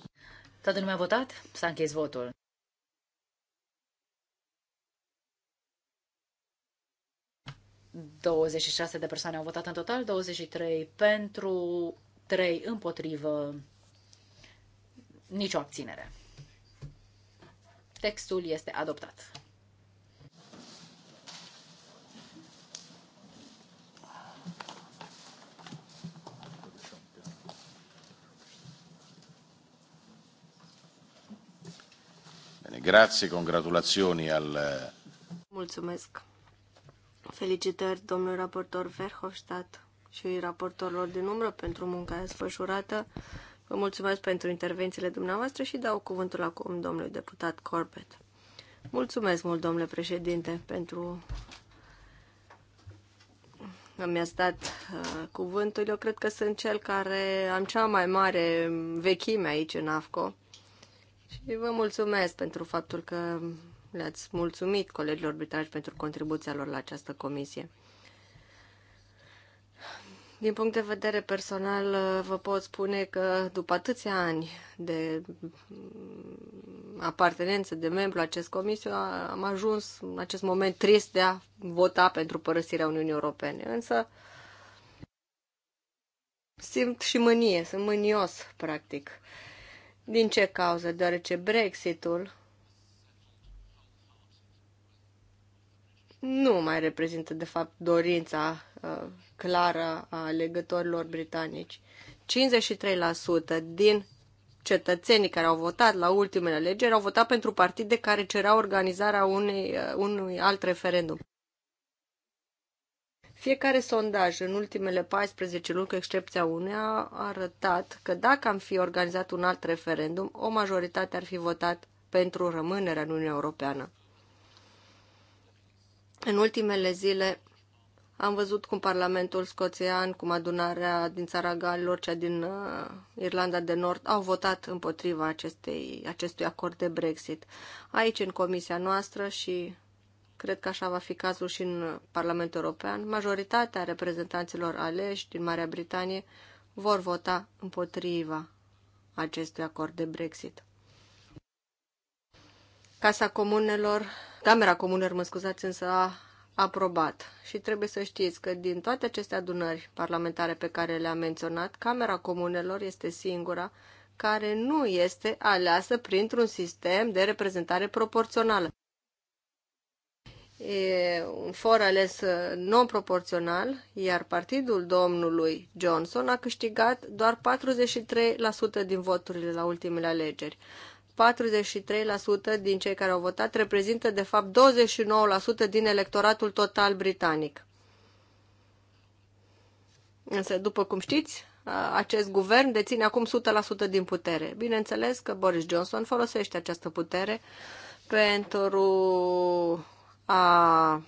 [SPEAKER 4] Toată lumea a votat? S-a închis votul. ...26 de persoane au votat în total, 23 pentru, 3 împotrivă, nicio abținere. Textul este adoptat.
[SPEAKER 1] Grazie, congratulazioni al...
[SPEAKER 2] Mulțumesc. Felicitări domnul raportor Verhofstadt și raportorilor din umbră pentru munca desfășurată. Vă mulțumesc pentru intervențiile dumneavoastră și dau cuvântul acum domnului deputat Corbett. Mulțumesc mult, domnule președinte, pentru că mi-ați dat uh, cuvântul. Eu cred că sunt cel care am cea mai mare vechime aici în AFCO. Și vă mulțumesc pentru faptul că le-ați mulțumit colegilor britanici pentru contribuția lor la această comisie. Din punct de vedere personal, vă pot spune că după atâția ani de apartenență de membru acest comisiu, am ajuns în acest moment trist de a vota pentru părăsirea Uniunii Europene. Însă simt și mânie, sunt mânios, practic. Din ce cauză? Deoarece Brexitul nu mai reprezintă, de fapt, dorința uh, clară a legătorilor britanici. 53% din cetățenii care au votat la ultimele alegeri au votat pentru partide care cereau organizarea unei, uh, unui alt referendum. Fiecare sondaj în ultimele 14 luni, cu excepția uneia, a arătat că dacă am fi organizat un alt referendum, o majoritate ar fi votat pentru rămânerea în Uniunea Europeană. În ultimele zile am văzut cum Parlamentul scoțian, cum adunarea din țara Galilor, cea din uh, Irlanda de Nord, au votat împotriva acestei, acestui acord de Brexit. Aici, în comisia noastră și cred că așa va fi cazul și în Parlamentul European, majoritatea reprezentanților aleși din Marea Britanie vor vota împotriva acestui acord de Brexit. Casa Comunelor, Camera Comunelor, mă scuzați, însă a aprobat. Și trebuie să știți că din toate aceste adunări parlamentare pe care le-am menționat, Camera Comunelor este singura care nu este aleasă printr-un sistem de reprezentare proporțională e un for ales uh, non-proporțional, iar partidul domnului Johnson a câștigat doar 43% din voturile la ultimele alegeri. 43% din cei care au votat reprezintă, de fapt, 29% din electoratul total britanic. Însă, după cum știți, acest guvern deține acum 100% din putere. Bineînțeles că Boris Johnson folosește această putere pentru a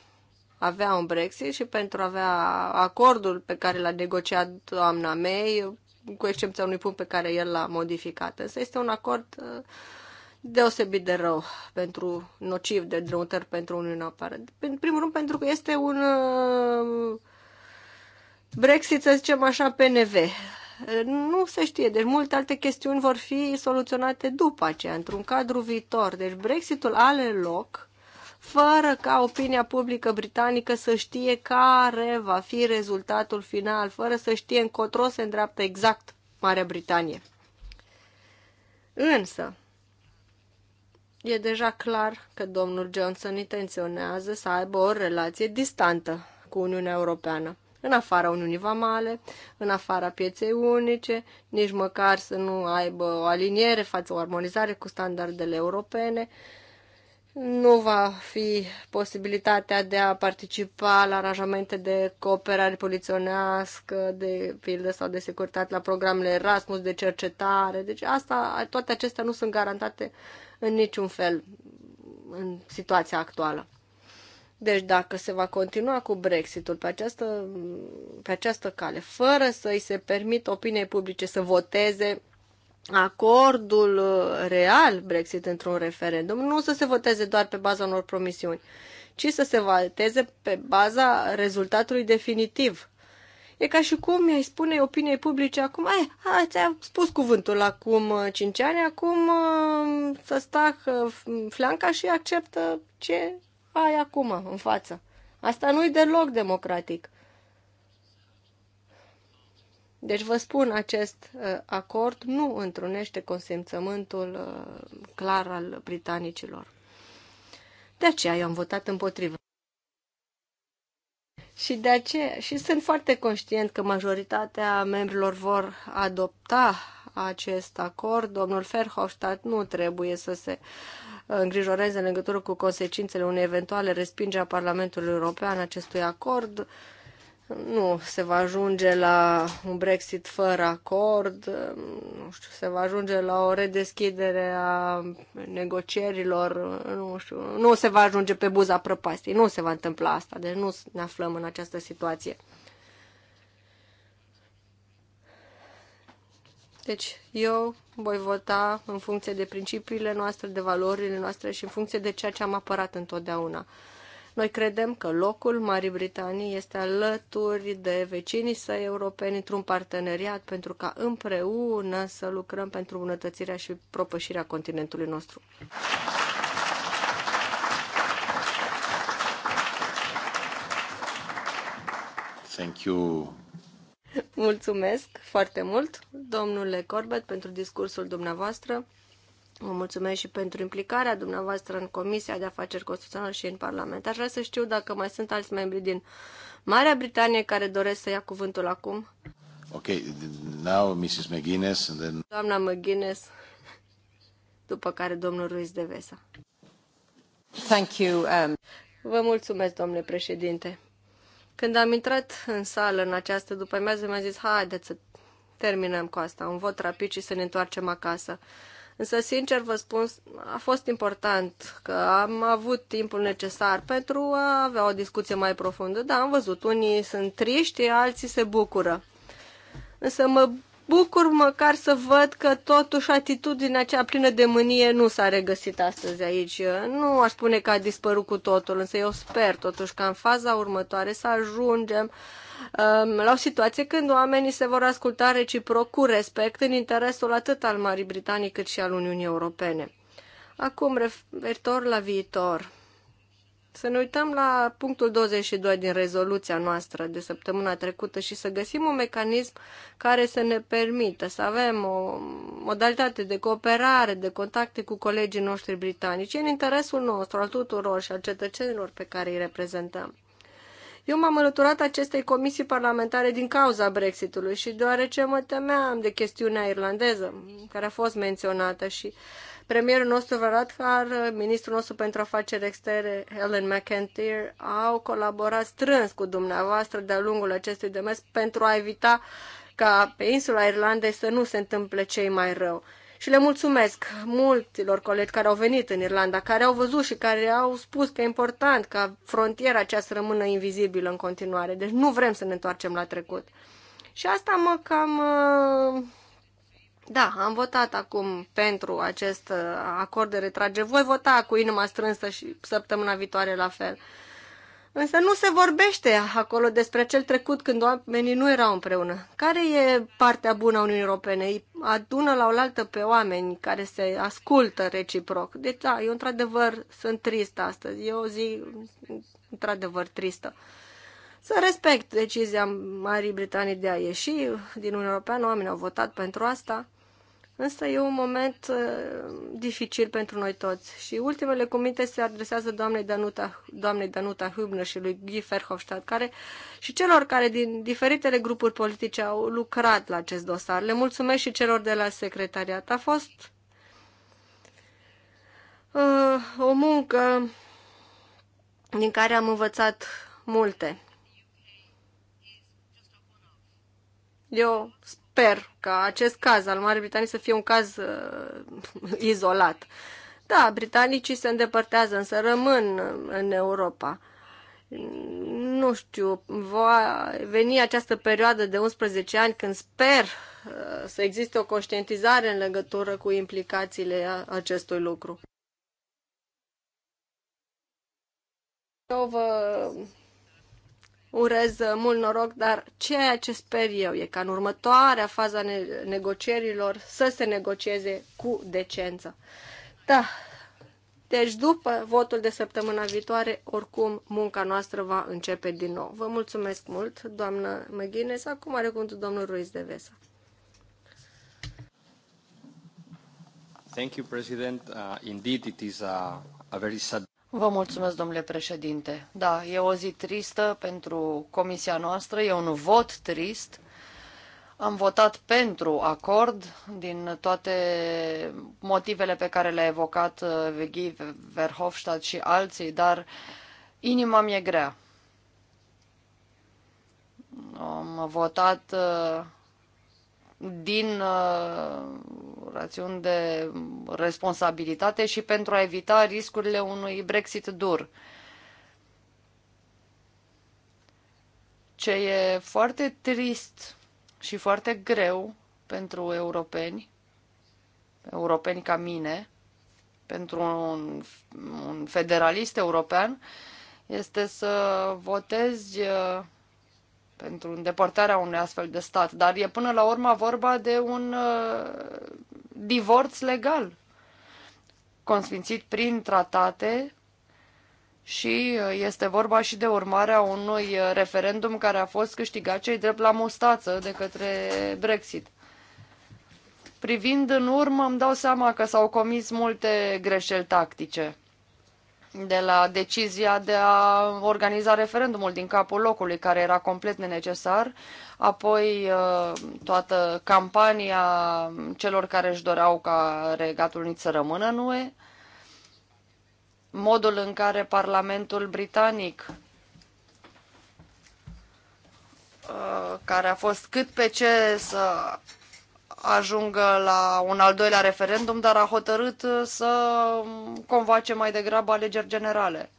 [SPEAKER 2] avea un Brexit și pentru a avea acordul pe care l-a negociat doamna May, cu excepția unui punct pe care el l-a modificat. Însă este un acord uh, deosebit de rău pentru nociv de drăutări pentru Uniunea Apară. În primul rând pentru că este un uh, Brexit, să zicem așa, PNV. Nu se știe, deci multe alte chestiuni vor fi soluționate după aceea, într-un cadru viitor. Deci Brexitul are loc fără ca opinia publică britanică să știe care va fi rezultatul final, fără să știe încotro se îndreaptă exact Marea Britanie. Însă, e deja clar că domnul Johnson intenționează să aibă o relație distantă cu Uniunea Europeană în afara Uniunii Vamale, în afara pieței unice, nici măcar să nu aibă o aliniere față o armonizare cu standardele europene, nu va fi posibilitatea de a participa la aranjamente de cooperare poliționească, de pildă sau de securitate, la programele Erasmus, de cercetare. Deci asta, toate acestea nu sunt garantate în niciun fel în situația actuală. Deci dacă se va continua cu Brexitul pe această, pe această cale, fără să îi se permită opiniei publice să voteze, acordul uh, real Brexit într-un referendum nu să se voteze doar pe baza unor promisiuni, ci să se voteze pe baza rezultatului definitiv. E ca și cum mi ai spune opiniei publice acum, eh, ai, hai, ți-a spus cuvântul acum 5 uh, ani, acum uh, să stac flanca și acceptă ce ai acum în față. Asta nu-i deloc democratic. Deci vă spun, acest uh, acord nu întrunește consimțământul uh, clar al britanicilor. De aceea eu am votat împotrivă. Și de aceea, și sunt foarte conștient că majoritatea membrilor vor adopta acest acord. Domnul Ferhofstadt nu trebuie să se uh, îngrijoreze în legătură cu consecințele unei eventuale respingere a Parlamentului European acestui acord. Uh, nu se va ajunge la un Brexit fără acord, nu știu, se va ajunge la o redeschidere a negocierilor, nu știu, nu se va ajunge pe buza prăpastiei, nu se va întâmpla asta, deci nu ne aflăm în această situație. Deci eu voi vota în funcție de principiile noastre, de valorile noastre și în funcție de ceea ce am apărat întotdeauna. Noi credem că locul Marii Britanii este alături de vecinii săi europeni într-un parteneriat pentru ca împreună să lucrăm pentru bunătățirea și propășirea continentului nostru.
[SPEAKER 1] Thank you.
[SPEAKER 2] Mulțumesc foarte mult, domnule Corbett, pentru discursul dumneavoastră. Vă mulțumesc și pentru implicarea dumneavoastră în Comisia de Afaceri Constituționale și în Parlament. Aș vrea să știu dacă mai sunt alți membri din Marea Britanie care doresc să ia cuvântul acum.
[SPEAKER 1] Ok, now Mrs. McGuinness and then...
[SPEAKER 2] Doamna McGuinness, după care domnul Ruiz de Vesa. Thank you. Um... Vă mulțumesc, domnule președinte. Când am intrat în sală în această după amiază, mi-a zis, haideți să terminăm cu asta, un vot rapid și să ne întoarcem acasă. Însă, sincer vă spun, a fost important că am avut timpul necesar pentru a avea o discuție mai profundă. Da, am văzut, unii sunt triști, alții se bucură. Însă mă bucur măcar să văd că totuși atitudinea aceea plină de mânie nu s-a regăsit astăzi aici. Nu aș spune că a dispărut cu totul, însă eu sper totuși că în faza următoare să ajungem Um, la o situație când oamenii se vor asculta reciproc cu respect în interesul atât al Marii Britanii cât și al Uniunii Europene. Acum, referitor la viitor, să ne uităm la punctul 22 din rezoluția noastră de săptămâna trecută și să găsim un mecanism care să ne permită să avem o modalitate de cooperare, de contacte cu colegii noștri britanici, în interesul nostru, al tuturor și al cetățenilor pe care îi reprezentăm. Eu m-am alăturat acestei comisii parlamentare din cauza Brexitului și deoarece mă temeam de chestiunea irlandeză care a fost menționată și premierul nostru Varadkar, ministrul nostru pentru afaceri externe Helen McIntyre au colaborat strâns cu dumneavoastră de-a lungul acestui demers pentru a evita ca pe insula Irlandei să nu se întâmple cei mai rău. Și le mulțumesc multilor colegi care au venit în Irlanda, care au văzut și care au spus că e important ca frontiera aceasta să rămână invizibilă în continuare. Deci nu vrem să ne întoarcem la trecut. Și asta mă cam... Uh, da, am votat acum pentru acest uh, acord de retrage. Voi vota cu inima strânsă și săptămâna viitoare la fel. Însă nu se vorbește acolo despre cel trecut când oamenii nu erau împreună. Care e partea bună a Uniunii Europene? Îi adună la oaltă pe oameni care se ascultă reciproc. Deci, da, eu într-adevăr sunt trist astăzi. E o zi într-adevăr tristă. Să respect decizia Marii Britanii de a ieși din Uniunea Europeană. Oamenii au votat pentru asta. Însă e un moment uh, dificil pentru noi toți și ultimele cuvinte se adresează doamnei Danuta, doamnei Danuta Hübner și lui Guy Verhofstadt, care și celor care din diferitele grupuri politice au lucrat la acest dosar. Le mulțumesc și celor de la secretariat. A fost uh, o muncă din care am învățat multe. Eu sper ca acest caz al Marii Britanii să fie un caz uh, izolat. Da, britanicii se îndepărtează, însă rămân în Europa. Nu știu, va veni această perioadă de 11 ani când sper uh, să existe o conștientizare în legătură cu implicațiile acestui lucru. Eu vă urez uh, mult noroc, dar ceea ce sper eu e ca în următoarea fază a negocierilor să se negocieze cu decență. Da, deci după votul de săptămâna viitoare, oricum munca noastră va începe din nou. Vă mulțumesc mult, doamnă Măghines. Acum are cuvântul domnul Ruiz de Vesa.
[SPEAKER 1] Thank you, President. Uh, indeed, it is a, a very sad...
[SPEAKER 3] Vă mulțumesc, domnule președinte. Da, e o zi tristă pentru comisia noastră, e un vot trist. Am votat pentru acord din toate motivele pe care le-a evocat uh, Guy Verhofstadt și alții, dar inima mi-e grea. Am votat uh, din uh, rațiuni de responsabilitate și pentru a evita riscurile unui Brexit dur. Ce e foarte trist și foarte greu pentru europeni, europeni ca mine, pentru un, un federalist european, este să votezi uh, pentru îndepărtarea unui astfel de stat, dar e până la urmă vorba de un uh, divorț legal, consfințit prin tratate și uh, este vorba și de urmarea unui uh, referendum care a fost câștigat cei drept la mustață de către Brexit. Privind în urmă, îmi dau seama că s-au comis multe greșeli tactice de la decizia de a organiza referendumul din capul locului, care era complet nenecesar, apoi uh, toată campania celor care își doreau ca Regatul Unit să rămână în UE, modul în care Parlamentul Britanic uh, care a fost cât pe ce să ajungă la un al doilea referendum, dar a hotărât uh, să convoace mai degrabă alegeri generale.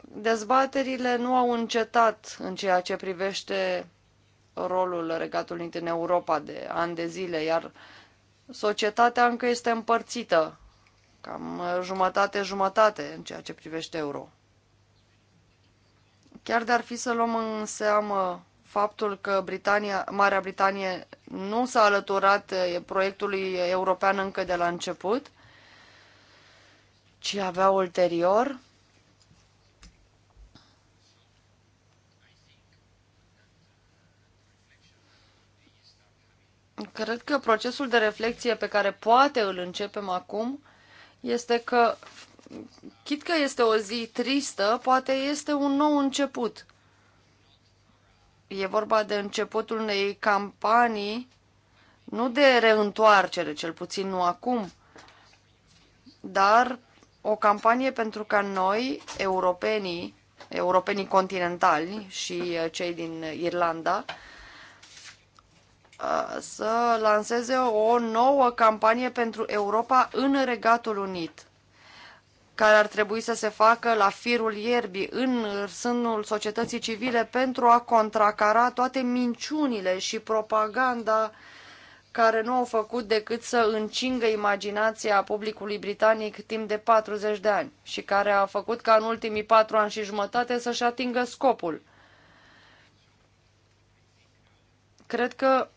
[SPEAKER 3] Dezbaterile nu au încetat în ceea ce privește rolul Regatului Unit în Europa de ani de zile, iar societatea încă este împărțită, cam jumătate-jumătate în ceea ce privește euro. Chiar de-ar fi să luăm în seamă faptul că Britania, Marea Britanie nu s-a alăturat proiectului european încă de la început, ci avea ulterior. Cred că procesul de reflexie pe care poate îl începem acum este că, chit că este o zi tristă, poate este un nou început. E vorba de începutul unei campanii, nu de reîntoarcere, cel puțin nu acum, dar o campanie pentru ca noi, europenii, europenii continentali și uh, cei din Irlanda, uh, să lanseze o nouă campanie pentru Europa în Regatul Unit care ar trebui să se facă la firul ierbii în sânul societății civile pentru a contracara toate minciunile și propaganda care nu au făcut decât să încingă imaginația publicului britanic timp de 40 de ani și care a făcut ca în ultimii patru ani și jumătate să-și atingă scopul. Cred că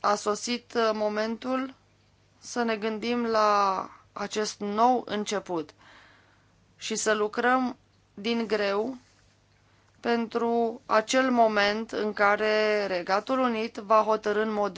[SPEAKER 3] a sosit momentul să ne gândim la acest nou început și să lucrăm din greu pentru acel moment în care Regatul Unit va hotărâ în mod